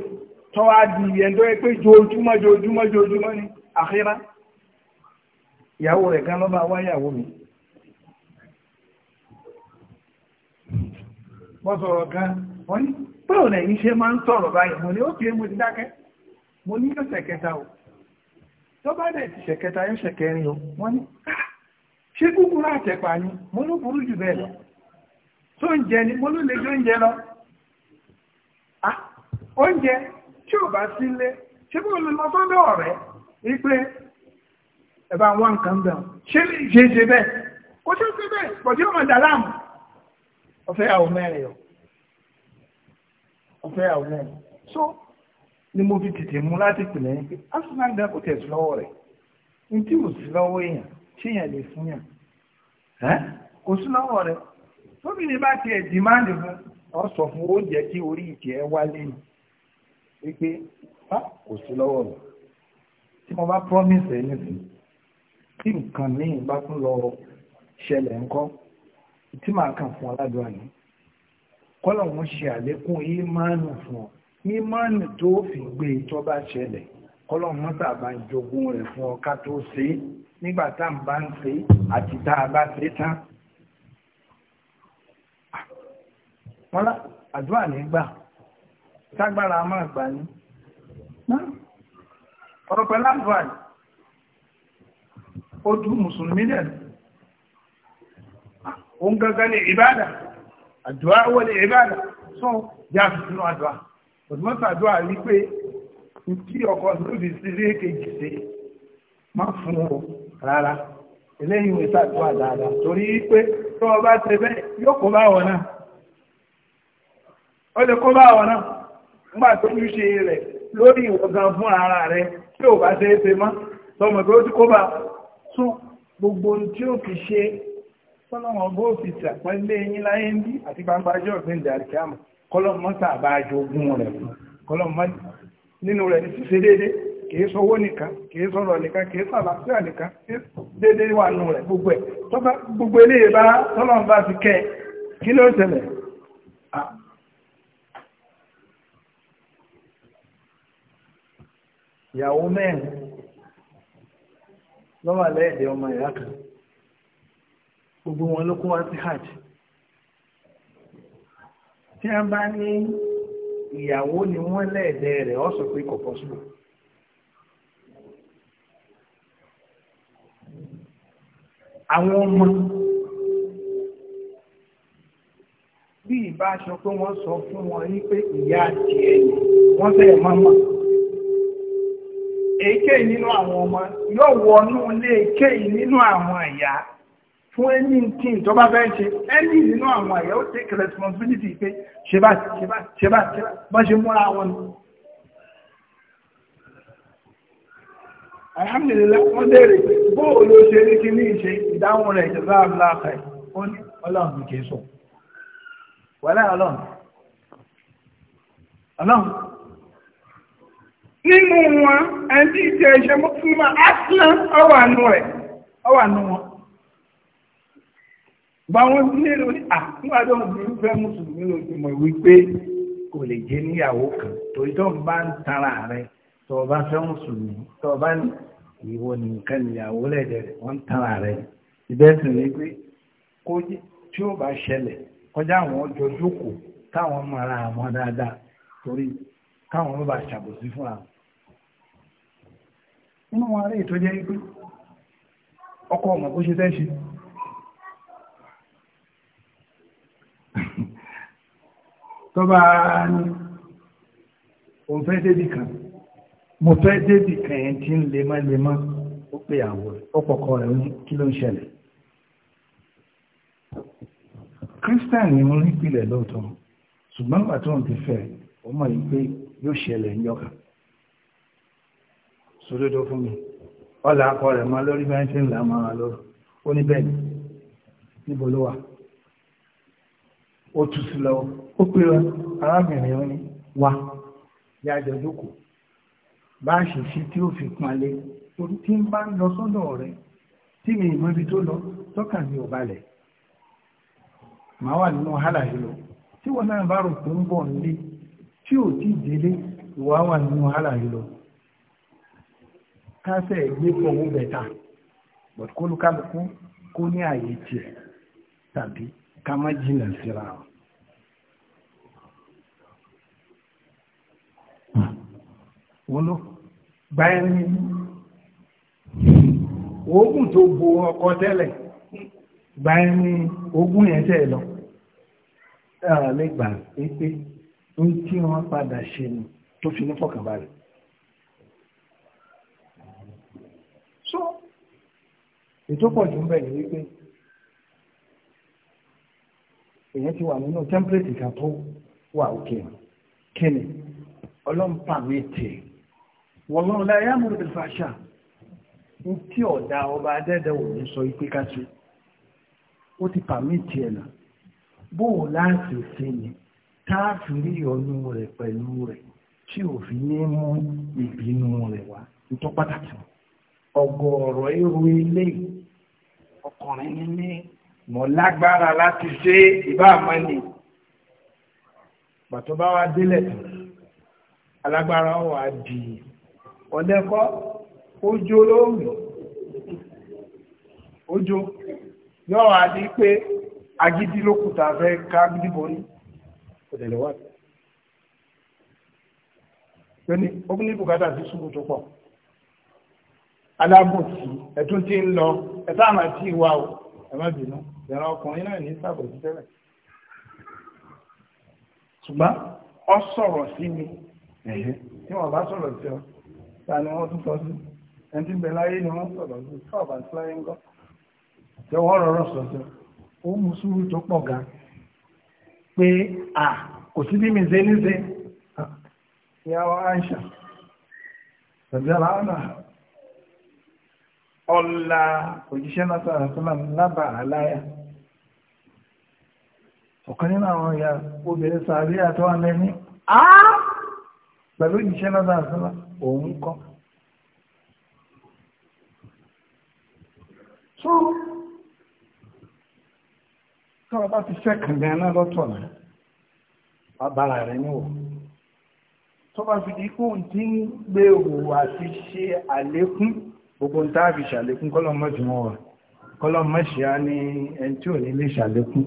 tọ́wá di ẹ̀ńdọ́ pé jojúmọ́ jojúmọ́ jojúmọ́ ni àkírá ìyàwó rẹ̀ gan ló máa wáyàwó mi. wọ́n sọ̀rọ̀ gan wọ́n ní báwo lẹ́yìn ṣe máa ń sọ̀rọ̀ báyìí mo ní ó kéré mo ti dákẹ́ mo ní ọ̀sẹ̀ kẹta o tó bá dẹ̀ ti ṣẹ̀kẹta yóò ṣẹ̀kẹrin o wọ́n ní ah, ṣé kúkúrú àtẹ̀pà ni mo ló burú jù bẹ́ẹ̀ lọ. tó ń jẹ ni mo ló lè jó oúnjẹ lọ oúnjẹ tí ò bá sílé ṣé mo lè lọ sọ́dọ̀ ọ̀rẹ́ wípé ẹ̀bá wọn nǹkan bẹ̀ ṣé lè ṣe ṣe bẹ́ẹ̀ kò ṣe ṣe bẹ́ẹ̀ pọ̀jù ọmọ dàlámù ọ̀fẹ́ àwọn mẹ́rin o ọ̀fẹ́ àwọn so ni mo fi tètè mú láti pìlẹ̀ yín pé arsenal gan kò tẹ̀sí lọ́wọ́ rẹ̀ ní tí ò sí lọ́wọ́ èèyàn tí èèyàn lè fún yàn kò sí tóbìnrin bá tiẹ̀ dìmáàdì fún ọ sọ fún oúnjẹ tí orí ìtì ẹ wálé ni wípé bá kò sí lọ́wọ́ rẹ̀ tí mo bá promise ẹ nísìnyí tí nǹkan míì bá tún lọ ṣẹlẹ̀ ńkọ́ tí màá kàn fún aládùúrà yìí kọ́lọ̀ wọn ṣe àlékún ìmánu fún ọ ìmánu tó fi gbé e tó bá ṣẹlẹ̀ kọ́lọ̀ wọn sábà jogún rẹ̀ fún ọ ká tó ṣe é nígbà tá à ń bá ń ṣe àti tá a bá ṣe tán wọ́n lá àdúrà ní gbà tágbára máa gbà ní ọ̀rọ̀ pẹ̀lú àdúrà ní mùsùlùmí dẹ̀ ó ń ní ìbádà àdúrà wọ́n ní ìbádà sọ jáàfì sínú àdúrà òtúmọ́sí àdúrà rí pé tí ọkọ̀ lóbi sí rí èkejì sí má fún o rárá eléyìí dáadáa torí pé tó ọba bá bẹ́ẹ̀ yóò kó ó lè kó bá wọn náà nígbà tó ń ṣe rẹ̀ lórí ìwọ̀gan fún ara rẹ̀ tí ò bá ṣe é ṣe mọ́ tọmọ pé ó ti kó bá tún gbogbo tí ó fi ṣe sọ́nàwọ̀n bó fi ṣàpẹ́lẹ́ yín láyé ń bí àti gbangba ọjọ́ ọ̀gbìn dàríkàmù kọ́lọ́mù mọ́ta àbá jogún rẹ̀ fún kọ́lọ́mù mọ́ta nínú rẹ̀ gbogbo ẹ̀ gbogbo eléyìí ti kẹ́ kí ló ń ìyàwó mẹ́rin lọ́wọ́ lẹ́ẹ̀dẹ̀ ọmọ ìyá kan gbogbo wọn ló kó wá sí hajj tí a bá ní ìyàwó ni wọ́n lẹ́ẹ̀dẹ̀ rẹ̀ ó sọ pé kò pọ́sùlù àwọn ọmọ bí ìbá aṣọ pé wọ́n sọ fún wọn ní pé ìyá àti ẹ̀yìn wọ́n fẹ́ máa mọ̀ èkéyìí nínú àwọn ọmọ yóò wọnú ilé èkéyìí nínú àwọn ẹ̀yà fún ẹni tí tó bá fẹ́ ṣe ẹni nínú àwọn ẹ̀yà ó take responsibility pé ṣe bá ṣe bá ṣe bá ṣe bá ṣe múra wọn ni. alhamdulillah nínú wọn ẹni ìjẹ ìṣẹ́ mọ́túnmá aslan ọwà nù rẹ̀ ọwà nù wọn bá wọn nílò ní àtúwádọ́ ọdún fẹ́ mùsùlùmí lójúmọ̀ wípé kò lè jẹ́ níyàwó kan torí tó ń bá ń tara rẹ̀ tó bá fẹ́ mùsùlùmí tó bá ní ìwọ nìkan níyàwó lẹ́dẹ̀ rẹ̀ wọ́n ń tara rẹ̀ ìbẹ́ sì ni pé tí ó bá ṣẹlẹ̀ kọjá àwọn ọjọ́ jókòó táwọn mara àwọn dáadáa torí káwọn ló bá ṣàbòsí fún àwọn nínú wọn arí ìtọ́jẹ́ wípé ọkọ̀ ọmọ bó ṣe fẹ́ ṣe tó bá ní òun fẹ́ débì kan mo fẹ́ débì kan ẹ̀ tí ń lemọ́lemọ́ ó pè àwọ̀ ọ̀pọ̀kọ̀ rẹ̀ ní kí ló ń ṣẹlẹ̀ Christian ni wọ́n rí pìlẹ̀ lóòótọ́ ṣùgbọ́n pàtó òun ti fẹ́ ọmọ yìí pé yóò ṣẹlẹ̀ ń yọkàn sódódó fún mi ọlà akọ rẹ̀ máa lórí bẹ́ẹ̀ ṣe ń là máa lórí ó ní bẹ́ẹ̀ níbo ló wà ó tú sí lọ́wọ́ ó pè wá arábìnrin ó ní wá yájọ jókòó bá a ṣe fi tí ó fi panlé orí tí ń bá ń lọ sọ́dọ̀ rẹ̀ tí mi ìmọ̀ ibi tó lọ tọ́kà mi ò balẹ̀ màá wà nínú wàhálà yìí lọ tí wọn náà bá rò pé ń bọ̀ nílé tí ò tí délé ìwà wà nínú wàhálà yìí lọ kásẹ̀ gbé fọwọ́ bẹ̀ta but kólúkálukú kó ní àyè tiẹ̀ tàbí ká má jìnà síra wọn. wọ́n ló gbáyé ní oògùn tó bo ọkọ tẹ́lẹ̀ gbáyé ní oògùn yẹn tẹ́ lọ lẹ́gbàá pé pé ń tí wọ́n padà ṣe ni tó fi ní fọkànbalẹ̀. ètò pọ̀ jù ń bẹ̀ ní wípé èyàn ti wà nínú tẹ́ḿpìlẹ̀tì kan tó wà òkè kíni ọlọ́mpa mi tè wallahu la ya'muru bil fahsha ń tí ọ̀dà ọba adẹ́dẹ́ ò ní sọ ipé káṣí ó ti pàmìtì ẹ̀ náà bóò láti ṣe ni táàfì rí ọnú rẹ̀ pẹ̀lú rẹ̀ tí ò fi ní mú ìbínú rẹ̀ wá ní tó pàtàkì ọgọ́ọ̀rọ̀ èrò eléyìí ọkùnrin ní mí mọ̀ lágbára láti ṣe ìbáàmọ́ ni bàtọ́ bá wá délẹ̀ tán alágbára wà di ọ̀dẹ́kọ́ ojú olóòrùn ojú yóò wá di pé agídí lókùtà fẹ́ ká dìbò ní òdẹ̀lẹ̀wà lónìí ó ní bùkátà sí ṣubú tó pọ̀ alábòsí ẹ̀tún ti ń lọ ẹ̀sá àmà tí ìwà o ẹ̀mọ́ bínú ìran ọkùnrin náà ní sábà òṣìṣẹ́ rẹ̀ ṣùgbọ́n ọ sọ̀rọ̀ sí mi tí wọ́n bá sọ̀rọ̀ sí ọ ta ni wọ́n tún sọ sí ẹni tí ń bẹ láyé ni wọ́n sọ̀rọ̀ sí tí ọ̀bà tí láyé ń gọ́ tí wọ́n rọrọ̀ sọ sí ó mú sùúrù tó pọ̀ gan pé à kò sí bí mi ṣe ní ṣe ah, ìyàwó Aisha tàbí aláwọ̀ náà ọlá òjíṣẹ́ lásàrà tó náà lábà aláyà ọ̀kan nínú àwọn ìyá obìnrin sàárì àtọ́wà mẹ́rin á pẹ̀lú òjíṣẹ́ lásàrà tó náà òun kọ́ tó tọ́rọ bá ti fẹ́ kàngan náà lọ́tọ̀ náà bàbára rẹ̀ níwọ̀ tó bá fi di kó ń dín gbèrò àti ṣe àlékún gbogbo ń táàbì ṣàlékún kọ́lọ̀mọ́jùmọ́ wà kọ́lọ̀mọ́ṣíá ní ẹn tí ò ní lè ṣàlékún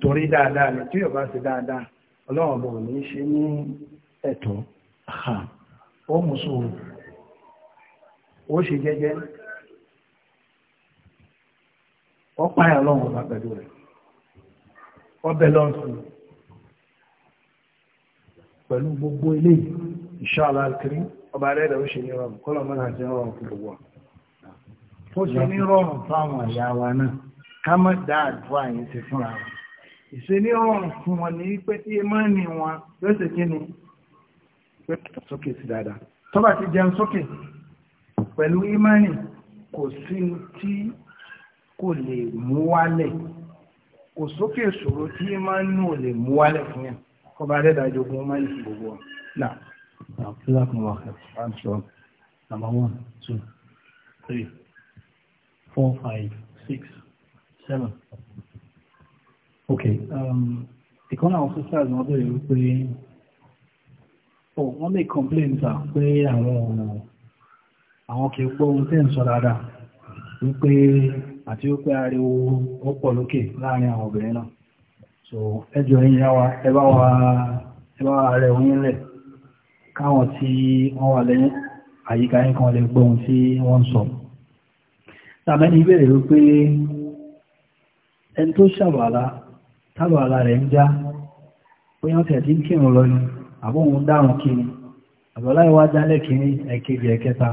torí dáadáa ni tí yóò bá ṣe dáadáa ọlọ́run bọ̀ ní ṣe ní ẹ̀tọ́ ó mú sóòrò ó ṣe jẹ́jẹ́ ó páyà ọlọ́run ọba pẹ̀lú rẹ̀ ó bẹ lọ́nà pẹ̀lú gbogbo eléyìí inshallah al-karim ọba rẹ̀ rẹ̀ ó ṣe ní ọrọ̀ kọ́lọ̀mọ́ àti ọrọ̀ gbogbo wa tó ṣe ní rọrùn fáwọn àyà wa náà ká mọ̀ dá àdúrà yìí ti fúnra wa ìṣe ní rọrùn fún wọn ní pé tí ẹ máa ní wọn yóò ṣe kí ni pé sókè sí dáadáa tó bá ti jẹun sókè pẹ̀lú ìmánì kò sí tí kò lè mú wálẹ̀ kò sókè ìṣòro tí ìmánì ò lè mú wálẹ̀ fún yàn kó bá dẹ́dà jogun ọmọ yìí fún gbogbo náà. Àfúlàkùn wà kẹ́kọ̀ọ́. Number one, two, three four, five, six, seven. Okay. Ìkọ́nà àwọn sisters wọ́n bèèrè wípé oh, wọ́n lè complain sir pé àwọn àwọn kìí gbọ́ ohun tẹ́ ń sọ dáadáa wípé àti wípé ariwo ó pọ̀ lókè láàrin àwọn obìnrin náà. So ẹjọ́ yín yá wa ẹ bá wa ẹ bá wa rẹ̀ oyin lẹ̀ káwọn tí wọ́n wà lẹ́yìn àyíká yín kan lè gbọ́ ohun tí wọ́n ń sọ tàbí ní ìbẹ̀rẹ̀ wípé ẹni tó ṣàwàlá tábàlá rẹ̀ ń já bóyá ọ̀tẹ̀ tí ń kírun lọ ni àbóhun dáhùn kiri àbọ̀lá ìwá jálẹ̀ kiri ẹ̀kejì ẹ̀kẹta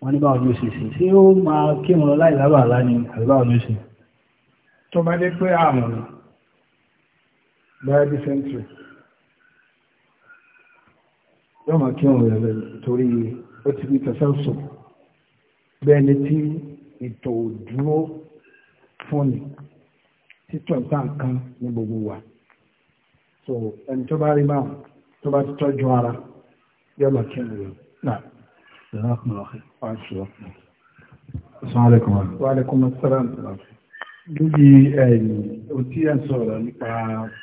wọ́n ní báwọn lóṣè sí sí ó máa kírun lọ láì lábàlá ni àbáwọn lóṣè tó bá dé pé àrùn báyá bí sẹ́ńtì máa kírun rẹ̀ torí ó ti fi tẹ̀sán sùn bẹ́ẹ̀ ni tí ètò òdúró fúnni títọ́ nǹkan ní gbogbo wa so ẹni tó bá rí báwọn tó bá ti tọ́jú ara yóò lọ kí ẹ̀rọ náà. ẹ̀yìn o tí ẹ̀ sọ̀rọ̀ nípa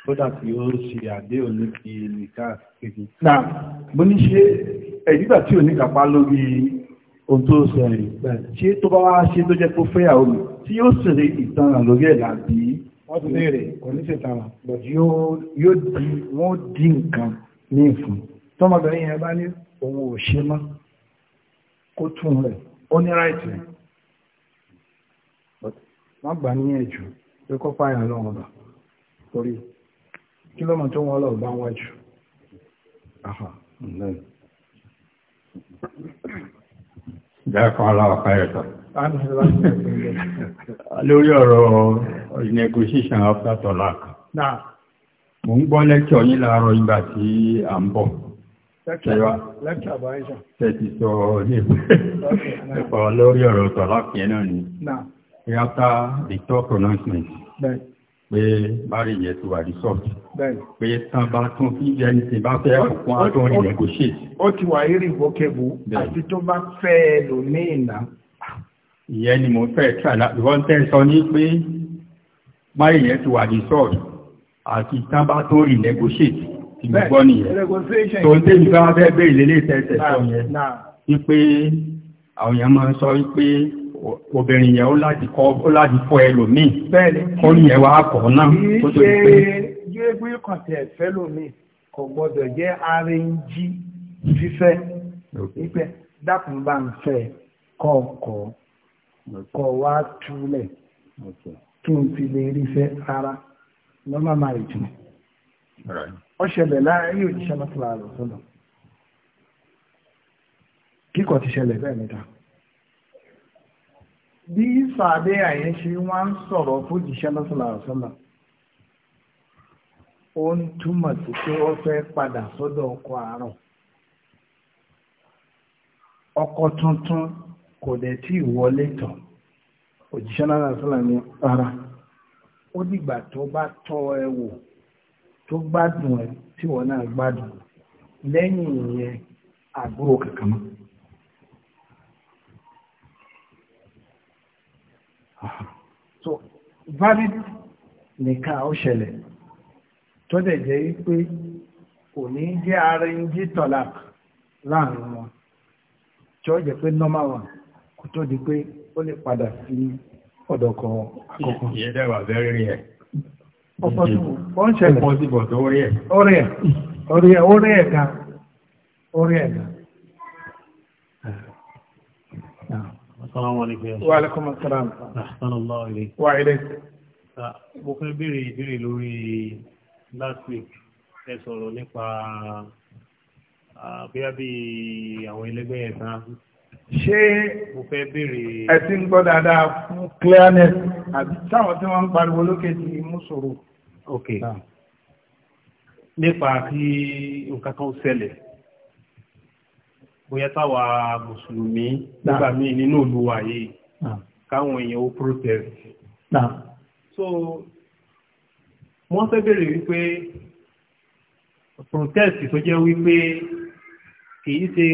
bọ́dà tí ó ṣe àdé òní ti nìkan kejì. Náà, mo ní ṣe ẹ̀yígbà eh, tí ò ní kàpá lórí ohun tó sẹ̀rẹ̀ ṣe tó bá wá ṣe tó jẹ́ kó fẹ́yàwó mi tí yóò sẹ̀rẹ̀ ìtanràn lórí ẹ̀ làbí. wọ́n ti léèrè kò ní ṣètara but yóò di wọ́n di nǹkan ní ìfún tọ́mọbìnrin yẹn bá ní òun ò ṣe mọ́ kó tún rẹ̀ ó ní ráìtì rẹ̀ wọ́n gbà ní ẹ̀jù pé kó pààyà lọ́wọ́ bá torí kí ló mọ̀ tó wọ́n lọ́wọ́ bá wájú. Aha. Mm-hmm. Ìjákan aláwọ̀ká ẹ̀tọ̀. Lórí ọ̀rọ̀ negotiation after talak. Mo ń gbọ́ lẹ́kṣọ̀ yín láàárọ̀ ìgbà tí à ń bọ̀. Tẹ́tí sọ nípa lórí ọ̀rọ̀ talak yẹn náà ni. After the top pronouncement pé márì yẹn tó wà ní sọ́ọ̀tì pé tán bá tún fi jẹ́ ìsìn bá fẹ́ ọ̀pọ̀ àtún rí negotiate. ó ti wà rí rìvọ́kẹ́bù àti tó bá fẹ́ lò ní ìlà. ìyẹn ni mo fẹ́ tà láti wọ́n tẹ́ sọ ní pé márì yẹn tó wà ní sọ́ọ̀tì àti tán bá tún rí negotiate ti gbọ́ nìyẹn. tó ń tẹ́lifí bá fẹ́ bẹ́ẹ̀ lélẹ́tẹ̀ẹ́tẹ̀ sọ obìnrin yẹn ó láti fọ́ ẹlòmíì orin yẹn wá kọ̀ náà tó tó pé. yéègbé kọ̀tẹ̀ ẹ̀fẹ́ lómi kò gbọ́dọ̀ jẹ́ arẹ́njí fífẹ́ wípé dákun bá ń fẹ́ kọ̀ọ̀kọ̀ kọ̀ wá túlẹ̀ kí n fi lè rí fẹ́ rárá lọ́mọ máa rí jù. ó ṣẹlẹ̀ láàárín òjíṣẹ́ mọ́tò àlọ́ sọ́nà kíkọ̀ ti ṣẹlẹ̀ bẹ́ẹ̀ níta. bí sàdé àyẹ́ ṣe wọ́n ń sọ̀rọ̀ fún jíṣẹ́ lọ́sọ̀lọ́sọ̀lọ́ ó ń túmọ̀ sí pé ó fẹ́ padà sọ́dọ̀ àárọ̀ ọkọ tuntun kò dẹ̀ tí wọlé tán òjíṣẹ́ ni rárá ó dìgbà tó bá tọ́ ẹ wò tó gbádùn ẹ tí wọ́n so valid nìkan o ṣẹlẹ̀ tó dẹ̀ jẹ́ wípé kò ní jẹ́ ara ń jí tọ̀lák láàrin wọn tí jẹ́ pé normal one kò tó di pé ó lè padà sí ọ̀dọ̀ kan àkọ́kọ́. ìyẹn dẹ́wà bẹ́ẹ̀ rí ẹ̀. Assalamu alaikum. Wa alaikum assalam. Ahsanallahu ilayk. Wa ilayk. Ah, mo fẹ́ béèrè ìbéèrè lórí last week. Ẹ sọ̀rọ̀ nípa bóyá bí àwọn ẹlẹgbẹ́ yẹn tán. Ṣé mo fẹ́ béèrè. Ẹ ti ń gbọ́ dáadáa fún clearness àbí táwọn tí wọ́n ń pariwo lókè ti mú sọ̀rọ̀. Ok. Nípa kí nǹkan kan ṣẹlẹ̀ bóyá táwa mùsùlùmí nígbà míì nínú olúwa yìí káwọn èèyàn ó protest. so wọ́n fẹ́ bèrè wípé protest tó jẹ́ wípé kìí ṣe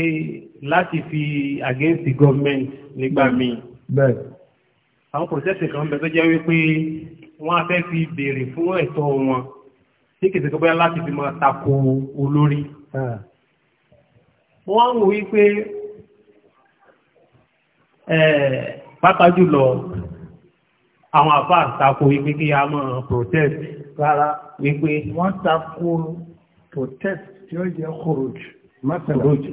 láti fi against the government nígbà míì. bẹ́ẹ̀. àwọn protest kan bẹ tó jẹ́ wípé wọ́n á fẹ́ fi béèrè fún ẹ̀tọ́ wọn ní kìí ṣe kọ́ bóyá láti fi máa tako olórí wọ́n ń wí pé pátá jùlọ àwọn àfà àtakò wípé kí a mọ̀ protest rárá wípé wọ́n takò protest tí ó jẹ́ kòròjù mọ́tàlójù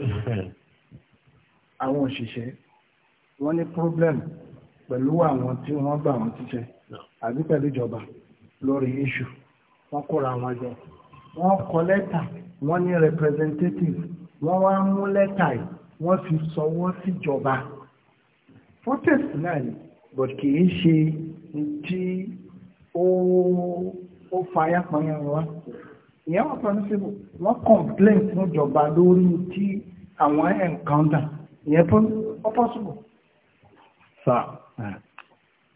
àwọn òṣìṣẹ́ wọ́n ní problem pẹ̀lú àwọn tí wọ́n bá wọn ṣiṣẹ́ àbí pẹ̀lú ìjọba lórí issue wọ́n kóra wọn jọ wọ́n kọ lẹ́tà wọ́n ní representative wọ́n wá mú lẹ́tà yìí wọ́n fi sọwọ́ síjọba protest náà ni but kì í ṣe tí ó ó fàyà pọnyẹn wá ìyẹn wọ́n sọ ní síbò wọ́n complain fún ìjọba lórí tí àwọn encounter ìyẹn ó possible. sà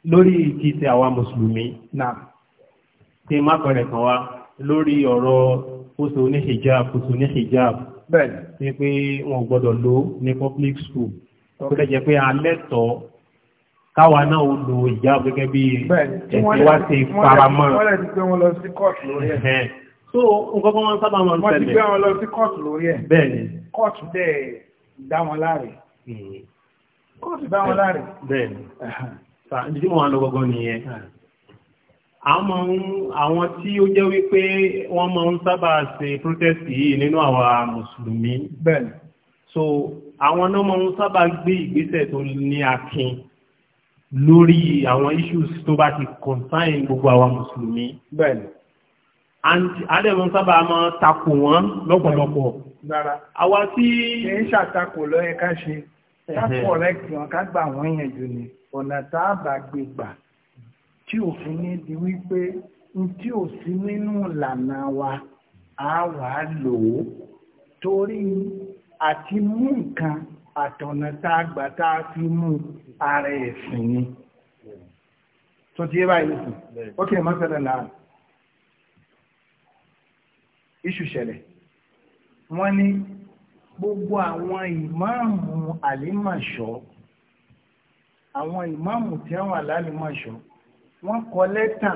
lórí ti ti àwa mùsùlùmí náà tí mákọ̀rẹ̀ kan wá lórí ọ̀rọ̀ kóso ní hijab kóso ní hijab bẹ́ẹ̀ni ni pé wọn gbọ́dọ̀ lò ní public school tó lẹ́jẹ̀ pé alẹ́ tọ́ káwa náà ó lo ìjà gẹ́gẹ́ bí ẹ̀sìn wá sí faramọ́ wọ́n lẹ́ti pé wọ́n lọ sí kọ́ọ̀tù lórí ẹ̀ so nǹkan kan wọ́n sábà máa ń tẹ̀lé hmm. dá wọn láre bẹ́ẹ̀ni ìdí tí wọ́n wá lọ gbọ́gbọ́n nìyẹn àwọn tí ó jẹ́ wípé wọ́n máa ń sábà ṣe protest yìí nínú àwa mùsùlùmí bẹ́ẹ̀ so àwọn náà máa ń sábà gbé ìgbésẹ̀ tó ní akin lórí àwọn issues tó bá ti concern gbogbo àwa mùsùlùmí bẹ́ẹ̀ àdẹ̀mọ́ sábà máa takò wọ́n lọ́pọ̀lọpọ̀ àwa tí ń ṣàtakò lọ́yẹ ká ṣe ká correct wọn ká gbà wọ́n yẹn jù ní ọ̀nà tá a bá gbé gbà tí òfin ní di wípé tí ò sí nínú ìlànà wa a wà á lò ó torí àti mú nǹkan àtọ̀nà tá a gbà tá a fi mú ara ẹ̀sìn ni tó ti yé báyìí sùn ó kì í iṣu ṣẹlẹ̀ wọ́n ní gbogbo àwọn ìmáàmù àlímàṣọ́ àwọn ìmáàmù tí wọ́n wà lálìmàṣọ́ wọ́n kọ lẹ́tà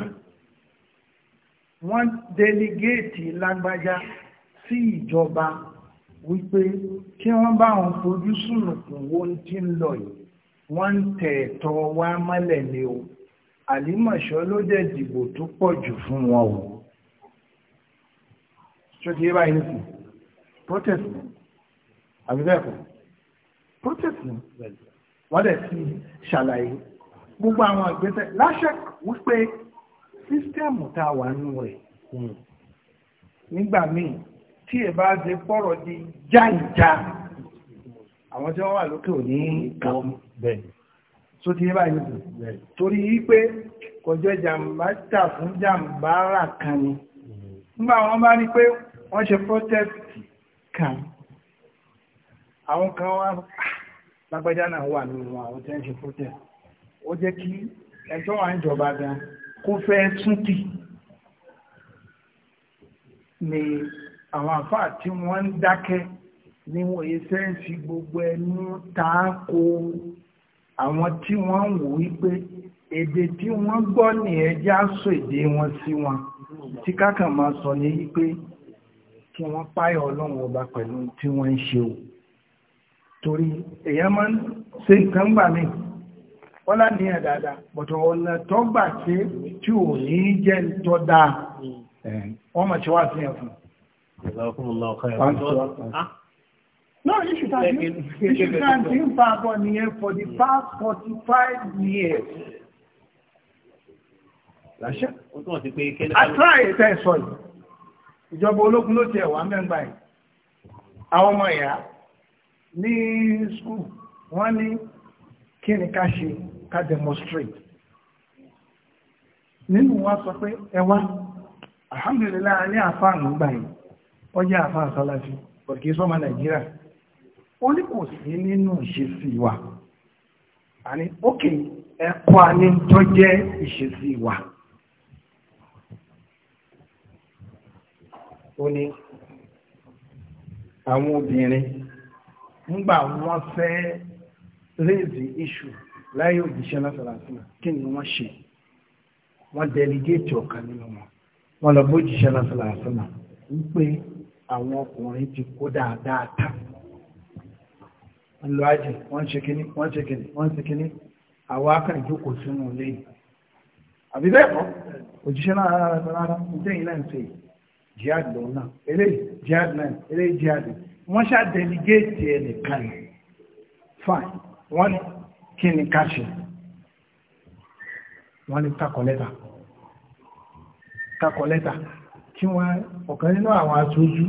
wọ́n délégéètì lágbájá sí ìjọba wípé kí wọ́n bá wọn fojú sùnùkùn wo ti ń lọ yìí wọ́n ń tẹ̀ ẹ̀tọ́ wa mọ́lẹ̀ ni o àlìmọ̀ṣọ́ ló dẹ̀ dìbò tó pọ̀ jù fún wọn o ṣókí yé báyìí nìkú protest ni àbí bẹ́ẹ̀ kọ́ protest ni wọ́n dẹ̀ ti ṣàlàyé gbogbo àwọn ìgbésẹ̀ láṣẹ wípé sísítẹ́ẹ̀mù tá a wà nù rẹ̀ hmm, nígbà míì tí ẹ bá ṣe pọ̀rọ̀ di jáìjá àwọn tí wọ́n wà lókè ò ní kàwọn bẹ́ẹ̀ tó ti yẹ́ báyìí kù torí wípé kọjọ́ jàǹbá tà fún jàǹbá rà kan ni hmm. nígbà wọn bá ní pé wọ́n ṣe protest kan àwọn kan wá ah, lágbájá náà wà nínú àwọn tí wọ́n ṣe protest ó jẹ́ kí ẹjọ́ wà ń jọba gan kó fẹ́ tún tì ni àwọn àfáà tí wọ́n ń dákẹ́ ní wòye sẹ́ǹsì gbogbo ẹnu tako àwọn tí wọ́n ń wò wípé èdè tí wọ́n gbọ́ ní ẹjá sọ èdè wọn sí wọn tí kákan máa sọ ní wípé kí wọ́n páyọ̀ ọlọ́run ọba pẹ̀lú tí wọ́n ń ṣe o torí èèyàn máa ń ṣe nǹkan gbà míì wọ́n lá ní ẹ̀dàdà bọ̀tọ̀ ọ̀nà tó gbà tí tí ò ní jẹ́ tó dáa wọ́n mọ̀ tí wá sí ẹ̀fún. Ah. No, issue time. Issue time ti ń fa for the past forty years. Láṣẹ. Àtúrà ètò ẹ̀sọ́ yìí. Ìjọba ológun ló ti ẹ̀wà mẹ́ngbà yìí. Àwọn ọmọ ìyá ní skul wọ́n ní kí ni ká ṣe ká demonstrate nínú wa sọ pé ẹwà alhamdulillah ní àfáà ń gbà yìí ó jẹ́ àfáà sọ́lájú kì í sọ́mọ nàìjíríà ó ní kò sí nínú ìṣesí wa àní ókè ẹ̀kọ́ àní tó jẹ́ ìṣesí wa ó ní àwọn obìnrin nígbà wọ́n fẹ́ raise the láyé òjíṣẹ́ lásàlásílà kí ni wọ́n ṣe wọ́n dẹligéètì ọ̀kan nínú wọn wọ́n lọ bójíṣẹ́ lásàlásílà wípé àwọn ọkùnrin ti kó dáadáa tán lọ ajì wọ́n ṣe kíní wọ́n ṣe kíní wọ́n ṣe kíní àwọn akàn ìjókòó sínú ilé yìí àbí bẹ́ẹ̀ kọ́ òjíṣẹ́ náà rárá rárá rárá nítorí náà ń ṣe jihad lòun náà eléyìí jihad náà eléyìí jihad wọ́n ṣá dẹligéètì ẹnìkan fine wọ́n ní kí ni ká ṣe wọ́n ní takọ̀lẹ́ta takọ̀lẹ́ta kí wọ́n ọ̀kan nínú àwọn aṣojú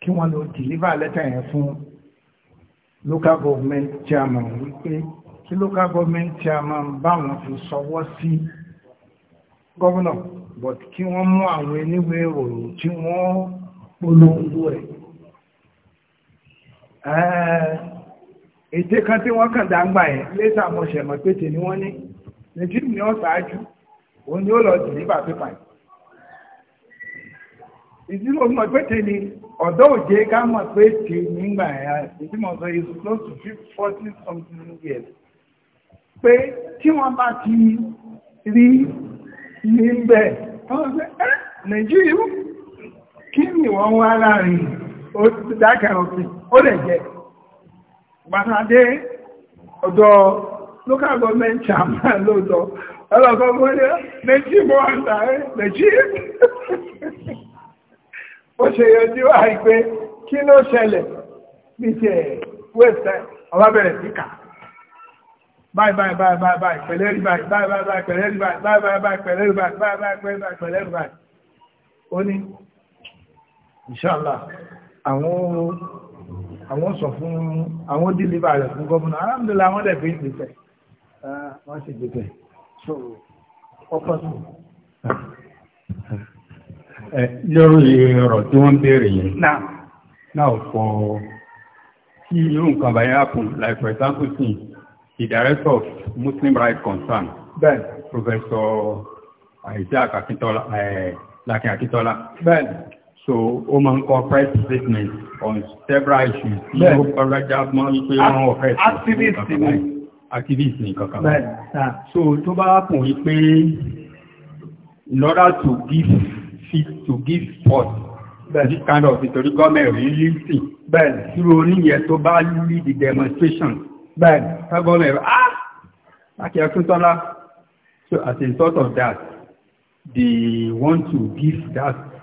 kí wọ́n lọ dìlíbà lẹ́tà yẹn fún local government chairman wípé kí local government chairman báwọn fi sọwọ́ sí gọ́vùnà but kí wọ́n mú àwọn eníwé ìròyìn tí wọ́n polongo ẹ̀ ète kan tí wọ́n kàn dáńgbà yẹn létà mo ṣẹ̀mọ̀ pé tèmi wọ́n ní nìjíríà ni ó ṣáájú òun ni ó lọ dì nígbà pépà yìí. ìdílé òun mọ̀ pé tèmi ọ̀dọ́ òjé ká mọ̀ pé tèmi ńgbà yẹn ìdí mọ̀ sọ yìí close to fifty forty something years. pé tí wọ́n bá ti rí ní bẹ́ẹ̀ wọ́n sọ ẹ́ nàìjíríà kí ni wọ́n wá láàrin ó dákẹ́ òfin ó lè jẹ́ gbàtàdé ọ̀dọ̀ local government chairman lóòtọ́ ọlọ́kọ́ mọ́ ní lẹ́jí mọ́ àtàrẹ lẹ́jí ó ṣe yọjú àìpé kí ló ṣẹlẹ̀ bí ti ẹ̀ wẹ́ẹ̀sẹ̀ ọba bẹ̀rẹ̀ síkà báyìí báyìí báyìí báyìí báyìí pẹ̀lẹ́ rí báyìí báyìí báyìí pẹ̀lẹ́ rí báyìí báyìí báyìí pẹ̀lẹ́ rí báyìí báyìí báyìí báyìí pẹ̀lẹ́ rí báyìí ó ní inshallah àwọn àwọn sọ fún àwọn dìlíbà rẹ̀ fún gọ́vùnà alhamdulillah wọ́n dẹ̀ fi ń gbèsè ah, wọ́n sì gbèsè so ọkọ̀ sí. lórí ọ̀rọ̀ tí wọ́n ń béèrè yẹn náà fọ́ kí irú nǹkan báyìí happen like for example sin the director of Muslim Rights Concern ben. Professor Isaac Akintola, uh, eh, Lakin Akintola ben so ó máa ń corporate statement on several issues tí ó kọjá mọ́ wípé wọ́n ọ̀fẹ́ activist ni activist ni kankan so tó bá kùn wípé in order to give fit to give support this kind of nítorí gọ́ọ̀mẹ̀ rí lísì bẹ́ẹ̀ tíro oníyẹ tó bá lead the demonstration bẹ́ẹ̀ tá gọ́ọ̀mẹ̀ rí ah akẹ́kùn tọ́lá so as a result of that they want to give that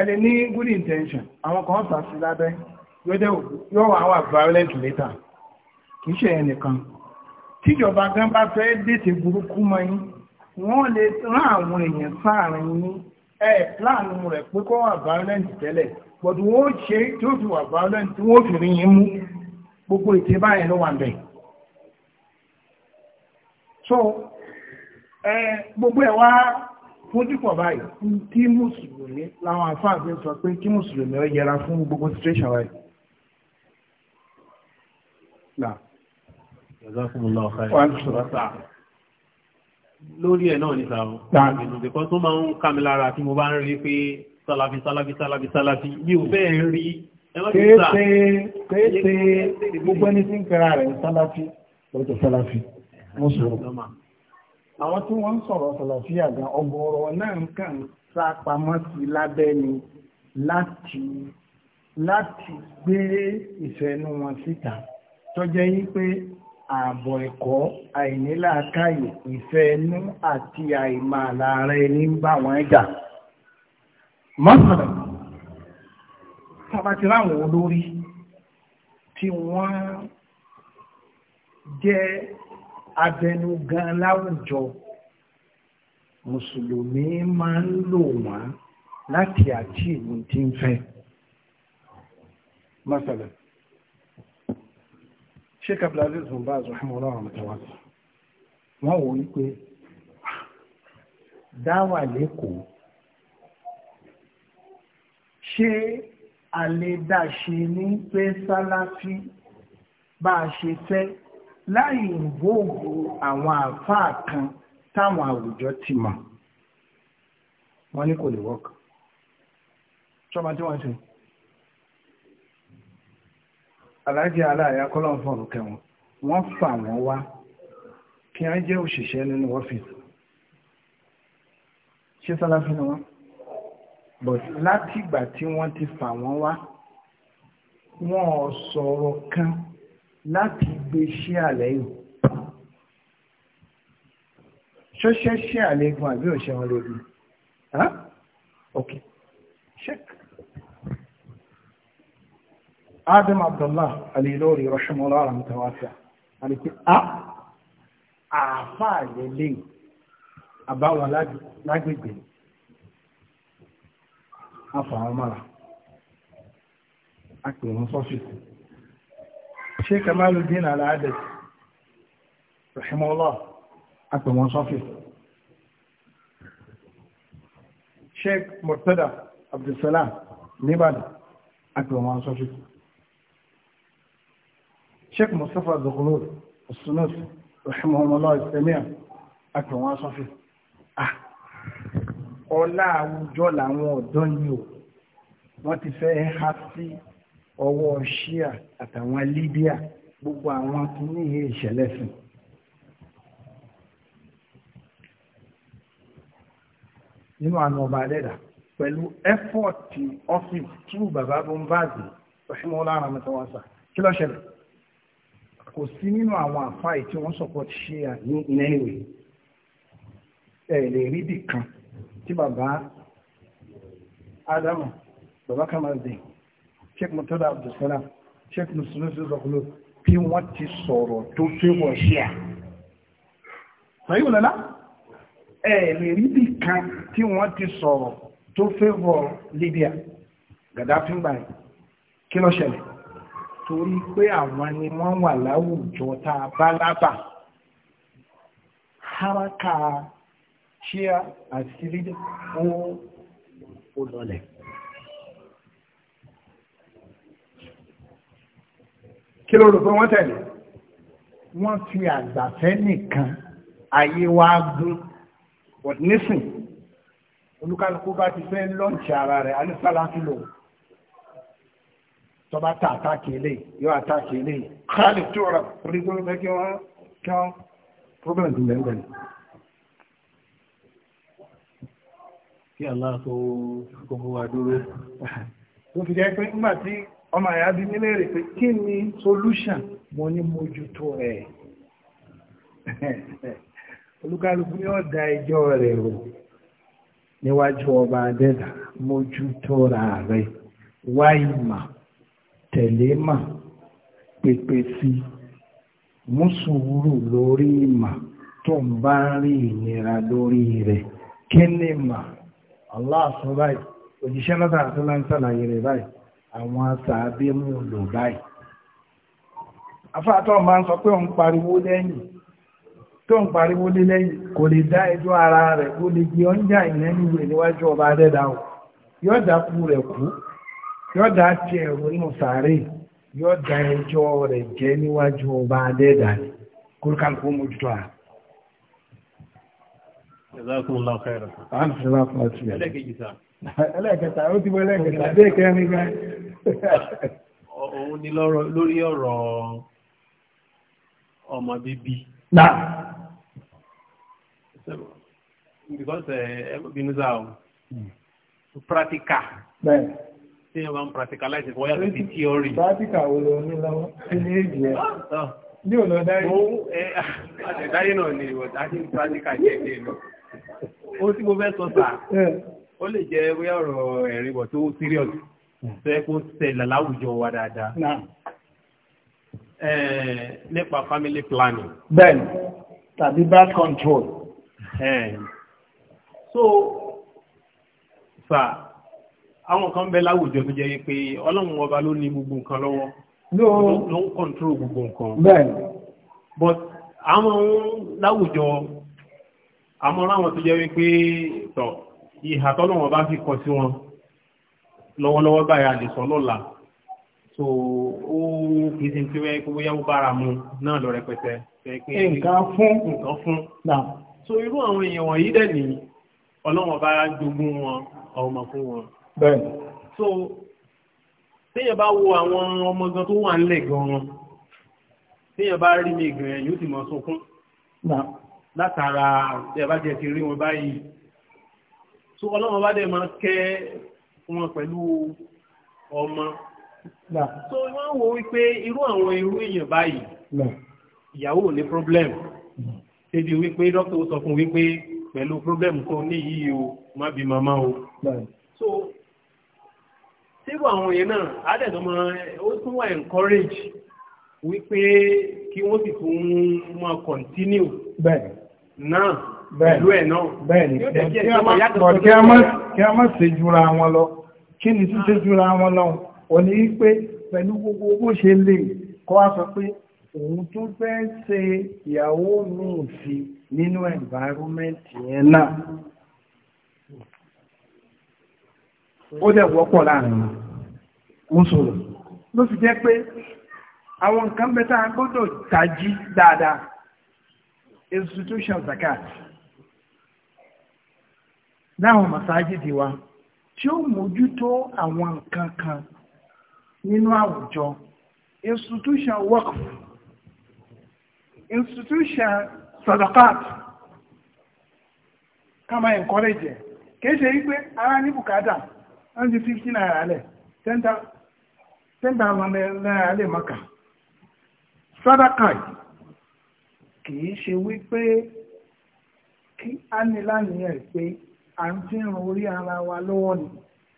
ẹni ní good intention àwọn kan fà sí lábẹ́ yóò wà wà violent later kì í ṣe ẹnìkan tíjọba gan bá fẹ́ dètè burúkú mọ́ yín wọ́n lè rán àwọn èèyàn sáàrin yín ẹ pláànù rẹ̀ pé kó wà violent tẹ́lẹ̀ but wọ́n ṣe tí fi wà violent tí wọ́n fi rí yín mú gbogbo ìtì báyìí ló wà bẹ̀. so gbogbo ẹ̀ wá fójúpọ̀ báyìí kí mùsùlùmí láwọn àfáàfẹ́ sọ pé kí mùsùlùmí ó yẹra fún gbogbo situation báyìí. lórí ẹ̀ náà ní sàrọ̀ ìdùnkọ́ tó máa ń kàmì lára tí mo bá ń rí pé sálàfí sálàfí sálàfí sálàfí mi ò fẹ́ rí kéèsè kéèsè gbogbo ẹni tí ń kẹra rẹ̀ sálàfí lọ́jọ́ sálàfí mùsùlùmí àwọn tí wọ́n ń sọ̀rọ̀ sàlàfíà gan ọ̀gọ̀ọ̀rọ̀ náà kàn sá pamọ́ sí lábẹ́ ni láti láti gbé ìfẹ́nu wọn síta tó jẹ́ yí pé ààbọ̀ ẹ̀kọ́ àìníláàkáyè ìfẹ́nu àti àìmàlà rẹ̀ ní bá wọn jà mọ́sàlẹ̀ tàbátí láwọn olórí tí wọ́n jẹ́ abẹnugan láwùjọ mùsùlùmí máa ń lò wọ́n láti àti ìlú tí ń fẹ́ masalan sheik abdulaziz zumbaz rahimahullah rahmatawasa wọ́n wò wípé ah, dáwà lẹ́kọ̀ọ́ ṣé a dá ṣe ní pé sálàfí bá a ṣe fẹ́ láì ìbòògùn àwọn àfáà kan táwọn àwùjọ ti mọ̀ wọ́n ní kò lè wọ́ọ̀kù ṣọ́ba tí wọ́n ṣe aláàjì aláàyà kọ́lọ́n fọ́ọ̀rù kẹwọn wọ́n fà wọ́n wá kí wọ́n jẹ́ òṣìṣẹ́ nínú ọ́fíìsì ṣé sálàfí ni wọ́n but látìgbà tí wọ́n ti fà wọ́n wá wọ́n sọ̀rọ̀ kan láti gbé ṣé àlẹ́yìn ṣọ́ṣẹ́ ṣé àlékún àbí òṣè wọn lórí ok check adam abdullah alilori rahimola aramtawasa aliki a àfà àlẹ́lẹ́ àbáwọn lágbègbè afọ àwọn mara a pè wọn sọ́fíìsì Sheikh Kamaluddin Al-Adawi rahimahullah àpè wọn sọ́fì Sheikh Murtada Abdulsalam níbàdàn àpè wọn sọ́fì Sheikh Mustapha Zuhur As-Sunus rahimahullah ìsẹ̀míà àpè wọn sọ́fì ah, ọlá àwùjọ làwọn ọ̀dọ́ ni o wọ́n ti fẹ́ há ọwọ́ ṣíà àtàwọn Libya gbogbo àwọn kìíní ihe ìṣẹ̀lẹ̀ sìn. nínú àna ọba adẹ́dà pẹ̀lú ẹ́fọ́ọ̀tì ọ́fíìsì tí bàbá bó ń báàzì ọ̀ṣunmọ́ lára mẹ́tọ́wọ́sà kí ló ṣẹlẹ̀ kò sí nínú àwọn àfáì tí wọ́n sọ̀pọ̀ ti ṣe à ní ìnáìwé ẹ̀ lè rí bì kan tí bàbá Ádámù bàbá Kamaldeen sheikh mutada abdulsalam sheikh musulunsi zọkulu bí wọ́n ti sọ̀rọ̀ tó fẹ́ wọ̀ sí à sọ́yìnlọ́lá ẹ̀ẹ̀lẹ̀ ríbi kan tí wọ́n ti sọ̀rọ̀ tó fẹ́ wọ̀ Libya Gaddafi ń báyìí kí ló ṣẹlẹ̀ torí pé àwọn ni wọ́n wà láwùjọ tá a bá lábà haraka ṣíà àti lídẹ̀ fún olọ́lẹ̀. kí ló rò pé wọ́n tẹ̀lé wọ́n fi àgbàfẹ́ nìkan ayé wa gún but nísìn olúkálukú bá ti fẹ́ lọ́ǹtì ara rẹ̀ alẹ́sàlátì lò tọba ta àtàkì ilé yóò àtàkì ilé káàlì tó rà orí tó ń fẹ́ kí wọ́n kí wọ́n problem tó lẹ́nu bẹ̀rẹ̀. kí aláàtọ̀ kókó wa dúró. tó fi jẹ́ pé nígbà tí ọmọ àyà bí mi nile pé kí ni solution mo ní rẹ̀ olúkálùkù ni da ẹjọ́ rẹ̀ rò ọba adẹ́dà ra rẹ̀ tẹ̀lé mà sí lórí tó ń bá rí ìnira lórí rẹ̀ kí ni mà báyìí òjíṣẹ́ náà rẹ̀ báyìí àwọn sàábé mú lò báyìí afáàtọ̀ máa ń sọ pé òun pariwo lẹ́yìn tó ń pariwo lé lẹ́yìn kò lè dá ẹjọ́ ara rẹ̀ kó lè di ọ́njà ìlẹ́yìn rẹ̀ níwájú ọba adẹ́dá o yóò dá kú rẹ̀ kú yóò dá tiẹ̀ rò nínú sàárè yóò dá ẹjọ́ rẹ̀ jẹ́ níwájú ọba adẹ́dá ni kúrúkàlùkù mójútó àrùn. Jazakumullahu khairan. Àwọn ìṣẹ́lá fún ọtí rẹ̀. Ẹlẹ́kẹ̀jì sá. Ẹlẹ́kẹta, ó ti bọ́ ẹlẹ́kẹta, bí èkẹ́ ní lórí ọ̀rọ̀ ọmọ bíbí. Náà. Because eh, ẹgbẹ̀bínú sá o, hmm. practical. Bẹ́ẹ̀. ẹ bá ń practicalize ìfọwọ́ yàtọ̀ sí theory. Practical wo ló ní lọ́wọ́? Kí ni èjì ẹ? Ní ah, ah. òun lọ dárí. Ó ẹ àtẹ̀dárí náà ni ìwọ̀n dárí practical jẹ́ ìdí ìlú ohun tí mo fẹ́ sọ sà ó lè jẹ́ wí ọ̀rọ̀ ẹ̀rí bọ̀ tó serious fẹ́ kó ṣẹlẹ̀ láwùjọ wa dáadáa nípa family planning. bẹ́ẹ̀ni tàbí birth control. so sà àwọn kan bẹ láwùjọ tó jẹ́ pé ọlọ́run ọba ló ní gbogbo nǹkan lọ́wọ́ ló ń control gbogbo nǹkan. bẹ́ẹ̀ni. but àwọn láwùjọ àmọ́ láwọn tó jẹ́ wípé tọ̀ ìhà tọ́lọ́wọ́n bá fi kọ sí wọn lọ́wọ́lọ́wọ́ báyà lè sọ lọ́la so ó kìí sí tí wẹ́ẹ́ kówó yáwó bára mu náà lọ rẹpẹtẹ. nǹkan fún so irú àwọn èèyàn wọ̀nyí dẹ̀ ní ọlọ́wọ́n bá so téèyàn bá wo àwọn ọmọ gan tó wà ńlẹ̀ gan-an téèyàn bá rí mi gan-an yóò sì mọ̀ sunkún látara ẹ̀bájẹ́ ti rí wọn báyìí tó ọlọ́run bá dẹ̀ máa kẹ́ wọn pẹ̀lú ọmọ tó wọ́n wo wípé irú àwọn irú èèyàn báyìí ìyàwó ní problem tẹ́bi wípé dókítà sọ fún wípé pẹ̀lú problem tó ní yìí o má bí màmá o so tíru àwọn èèyàn náà adẹ́dọ́mọ ó tún wà encourage wípé kí wọ́n sì tún máa continue náà pẹ̀lú ẹ̀ náà. Bẹ́ẹ̀ni, kí a máa ṣe jura wọn lọ, kí ni tún ṣe ah. jura wọn lọ, ò ní pé pẹ̀lú gbogbo bó ṣe lè kọ́ a sọ pé òun tó fẹ́ ṣe ìyàwó míì sí nínú ẹ̀nvárúmẹ́ǹtì yẹn náà. Ó dẹ̀ wọ́pọ̀ láàrin mùsùlùmí. Ló fi jẹ́ pé àwọn nǹkan bẹ́tà gbọ́dọ̀ tají dáadáa. institution zakat láwọn masajidi wa tí ó mójútó àwọn nǹkan kan nínú àwùjọ institution work institution sadakat kama encourage kìí ṣe wípé ara ní bùkátà wọ́n ti fifty naira lẹ̀ ten thousand naira lẹ̀ mọ́kà sadaqat kìí ṣe wípé kí á ní láníyàn pé à ń fi ràn orí ara wa lọ́wọ́ ni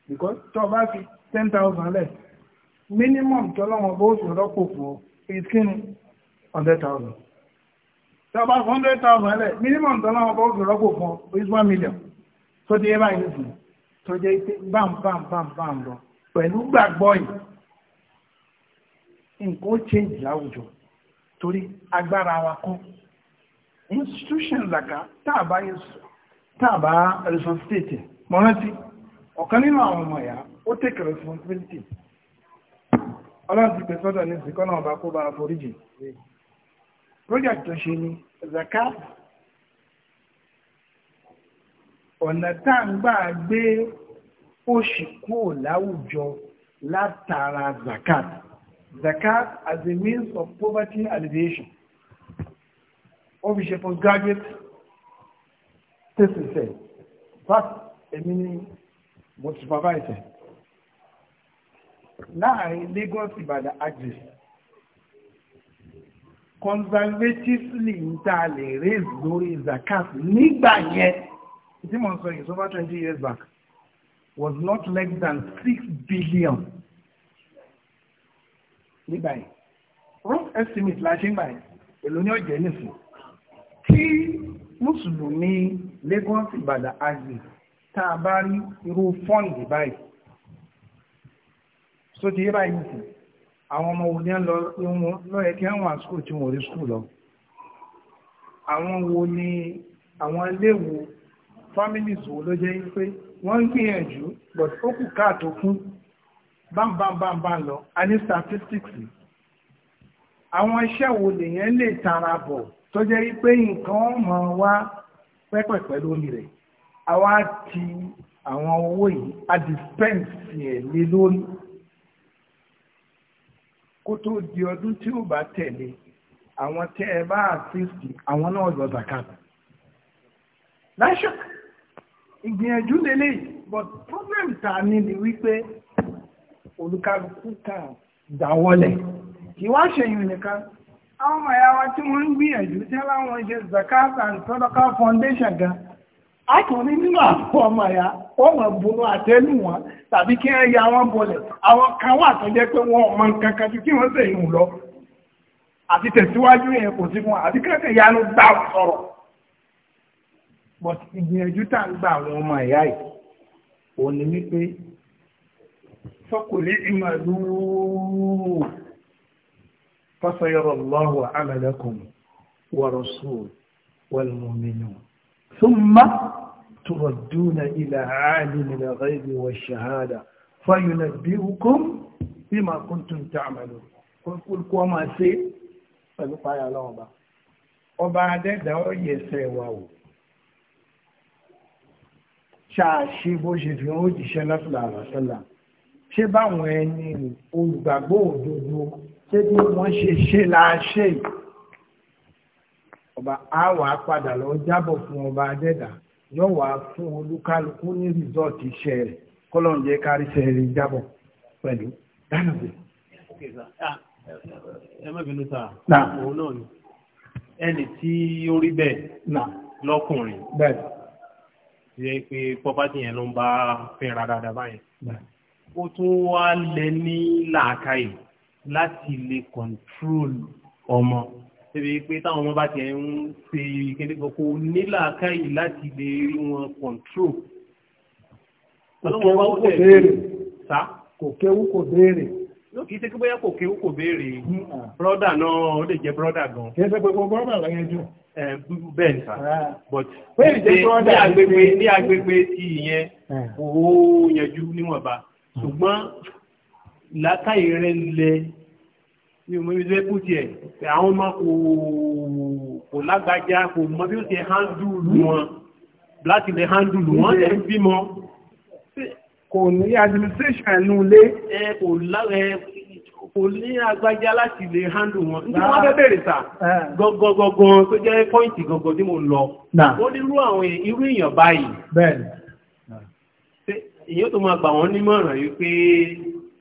because tó bá fi ten thousand lẹ̀ minimum tọ́lọ́wọ́n bó sì rọ́pò fún ọ eighteen hundred thousand tó bá fi hundred thousand lẹ̀ minimum tọ́lọ́wọ́n bó sì rọ́pò fún ọ is one million tó ti yé báyìí nìyí tó jẹ́ pé bam bam bam bam lọ pẹ̀lú gbàgbọ́ yìí nǹkan ó change láwùjọ torí agbára wa kọ́ institution zaka tàbá tàbá responsibility mọ́rántí ọ̀kan nínú àwọn ọmọ ẹ̀yà ó take responsibility ọlọ́run ti pè sọ́dọ̀ ní ìsìnkọ́ náà kó bára foríjì project tó ṣe ni zaka ọ̀nà tá à ń gbà gbé oṣù kúrò láwùjọ látara zakat zakat as a means of poverty alleviation ó fi ṣe postgraduate thesis ẹ̀ but a meaning mo ti Now ẹ̀ by the axis conservatively ń raised lè raise lórí zakat nígbà yẹn tí mo ń sọ yìí twenty years back was not less than six billion nígbà yìí rough estimate la ṣe ń gbà yìí èlò ní ọ̀jẹ̀ nìsín tí mùsùlùmí Lagos Ìbàdàn agri tá a bá rí irú fọ́ǹdì báyìí so ti yé báyìí nìsín àwọn ọmọ wo ni lọ lọ́yẹ̀ kí wọ́n wà skul tí wọ́n rí skul lọ àwọn wo ni àwọn iléèwò families wo ló jẹ́ pé wọ́n ń gbìyànjú but ó kù káàtó fún bámbámbámbá lọ a ní statistics àwọn iṣẹ́ wo lèyàn lè tara bọ̀ tó jẹ́ wípé nǹkan mọ̀ wá pẹ́pẹ̀pẹ́ lórí rẹ̀ àwa ti àwọn owó yìí a dispense ẹ̀ lé lórí kó tó di ọdún tí ó bá tẹ̀lé àwọn tẹ́ ẹ bá assist àwọn náà yọ zakat láṣọ ìgbìyànjú lélẹ́yìí but problem ta ni ni wípé olúkálukú kà dáwọ́lẹ̀ kì wá ṣèyàn nìkan àwọn ọmọ ti won tí wọ́n ń gbìyànjú tí láwọn ṣe and sadaqa foundation gan akọni nínú àpò ọmọ ìyá o mọ̀ bùnú àtẹ́lù wọn tàbí kí wọ́n ya wọn bọlẹ̀ àwọn kan wà tó jẹ́ pé wọ́n mọ nǹkan kan ju kí wọ́n sì yùn lọ àti tẹ̀síwájú yẹn kò sí fún wa kẹ́kẹ́ ìyanu gbà sọ̀rọ̀ but ìgbìyànjú tá ń gba àwọn ọmọ yìí فقل اعملوا فسيرى الله عملكم ورسول والمؤمنون ثم تردون إلى عالم الغيب والشهادة فينبئكم بما كنتم تعملون قل كما فلقى يا لوبا وبعد دور يسيواو شاشي بوجه في وجه شنف سلام ṣé báwọn ẹni olùgbàgbọ́ òdodo ṣé bí wọ́n ṣe ṣe láṣẹ yìí ọba àwà padà lọ jábọ̀ fún ọba adẹ́dà yóò wá fún olúkálukú ní rìsọ́ọ̀tì iṣẹ́ rẹ̀ kọ́lọ́n jẹ́ kárí iṣẹ́ rẹ̀ jábọ̀ pẹ̀lú dánàbẹ̀. Ah, ẹ má bínú ni ẹni tí ó rí bẹ́ẹ̀ lọ́kùnrin bẹ́ẹ̀ pé pọ́pátì yẹn ló ń bá fínra dáadáa báyẹn ó tún wá lẹ ní làákàyè láti lè control ọmọ ṣebí pé táwọn ọmọ bá ti ń ṣe kéde kókó ní làákàyè láti lè rí wọn control. ọlọ́wọ́ kò béèrè kò kéwú kò béèrè ló kìí ṣe kí bóyá kò kéwú kò béèrè brọ́dà náà ó lè jẹ́ brọ́dà gan. kì í ṣe gbogbo brọ́dà lọ́yẹ́ jù. bẹ́ẹ̀ ni sà ah. but ní agbègbè ní agbègbè ti ìyẹn kò eh. ó yanjú níwọ̀nba ṣùgbọ́n látàyè rẹ̀ lẹ ní ọmọ ibi tẹ́ kú tiẹ̀ àwọn ọmọ kò kò lágbájá kò mọ bí ó ti hándùlù wọn láti lè hándùlù wọn ẹ̀ ń bímọ. kò ní administration ẹnu lé. ẹ kò láwẹ kò ní agbájá láti lè hándù wọn. Ní wọ́n fẹ́ bèèrè sà, gọ́gọ́gọ́gọ́ tó jẹ́ pọ́ìntì gọ́gọ́ tí mo lọ. Ó nírú àwọn irú èèyàn báyìí. Bẹ́ẹ̀ni èyí tó máa gbà wọ́n nímọ̀ràn yìí pé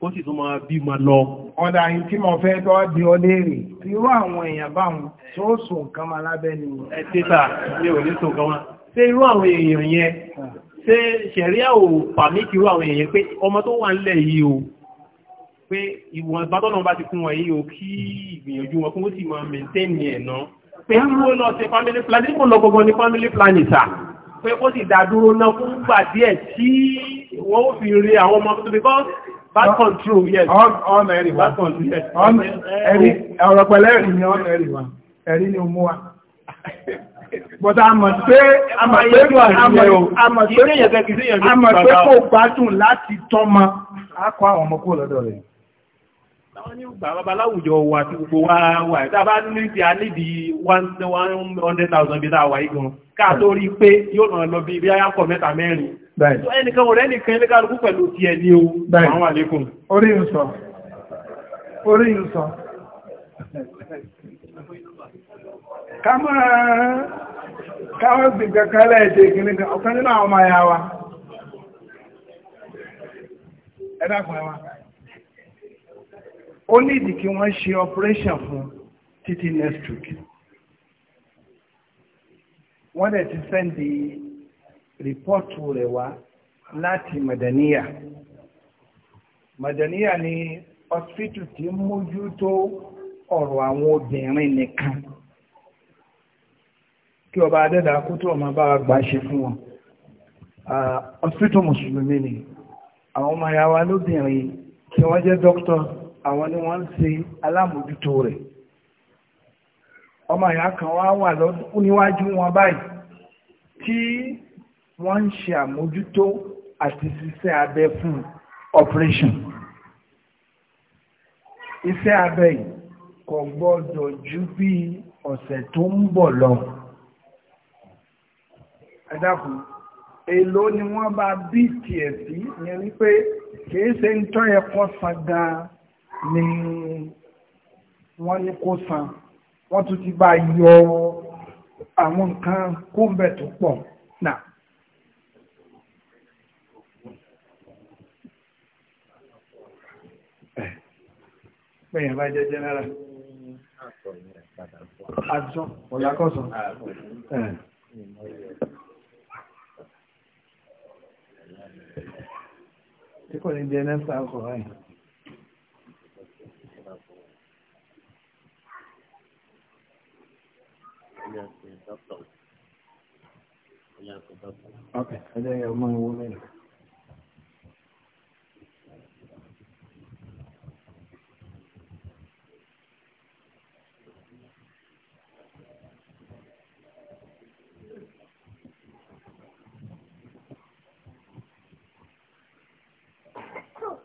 ó sì tó máa bí ma lọ. ọ̀dà yìí tí mo fẹ́ tọ́ di ọ léèrè tí irú àwọn èèyàn bá wọn tó sọ nǹkan máa lábẹ́ ni. ẹ títà mi ò ní sọ nǹkan wọn irú àwọn èèyàn yẹn ah. ṣé ṣẹ̀ríà ò pàmí kí irú àwọn èèyàn pé ọmọ tó wà nílẹ̀ yìí o pé ìwọ̀n wọ́n ó fi rí àwọn ọmọ tó bíkọ́ bad control yes on ẹ̀rì wa ọ̀rọ̀ pẹ̀lẹ́ ẹ̀rì ni ọmọ ẹ̀rì wa ẹ̀rì ni ó mú wa but a mọ̀ pé a mọ̀ pé kò gbádùn láti tọ́mọ akọ àwọn ọmọ lọ́dọ̀ rẹ̀ a bá ní a níbi 100,000 bí dáwà igun káà tó rí pé yóò rán lọ bí ibi ayápọ̀ mẹ́ta mẹ́rin ẹnìkan ọ̀rẹ́ nìkan ilé kálukú pẹ̀lú ti ẹ̀ ní ohun àwọn àlékún orí ń sọ orí ń sọ káwọn gbìgbà kálẹ̀ ètò ìkìníkà ọ̀kan nínú àwọn ọmọ ayáwa ẹ̀dàkùnrin wa ó ní ìdí kí wọ́n ṣe operation fún títí next week wọ́n dẹ̀ ti sẹ́ndì rìpọ́ọ̀tù rẹ̀ wá láti madaniya madaniya ni hospital ti mójútó ọ̀rọ̀ àwọn obìnrin nìkan kí ọba adẹ́dà kó tó ọmọ bá gbà ṣe fún wọn hospital mùsùlùmí ni àwọn ọmọ ya wa lóbìnrin kí wọ́n jẹ́ doctor àwọn ni wọ́n ń ṣe alámòjútó rẹ̀ ọmọ ìyá kan wá wà níwájú wọn báyìí tí wọ́n ń ṣe àmójútó àti ṣiṣẹ́ abẹ fún operation iṣẹ́ abẹ yìí kò gbọ́dọ̀ ju bí ọ̀sẹ̀ tó ń bọ̀ lọ ẹ èlò ni wọ́n bá bí tiẹ̀ sí yẹn ni pé kìí ṣe ń tọ́ ẹ̀kọ́ san gan ni wọ́n ní kó san wọ́n tún ti bá yọ àwọn nǹkan kó ń bẹ̀ tó pọ̀ náà. bẹ́yìn bá jẹ́ jẹ́nẹ́rà àjọ ọ̀yàkọ́sọ̀ tí kò ní jẹ́ nẹ́sà ọkọ̀ Okay, I think I'm going to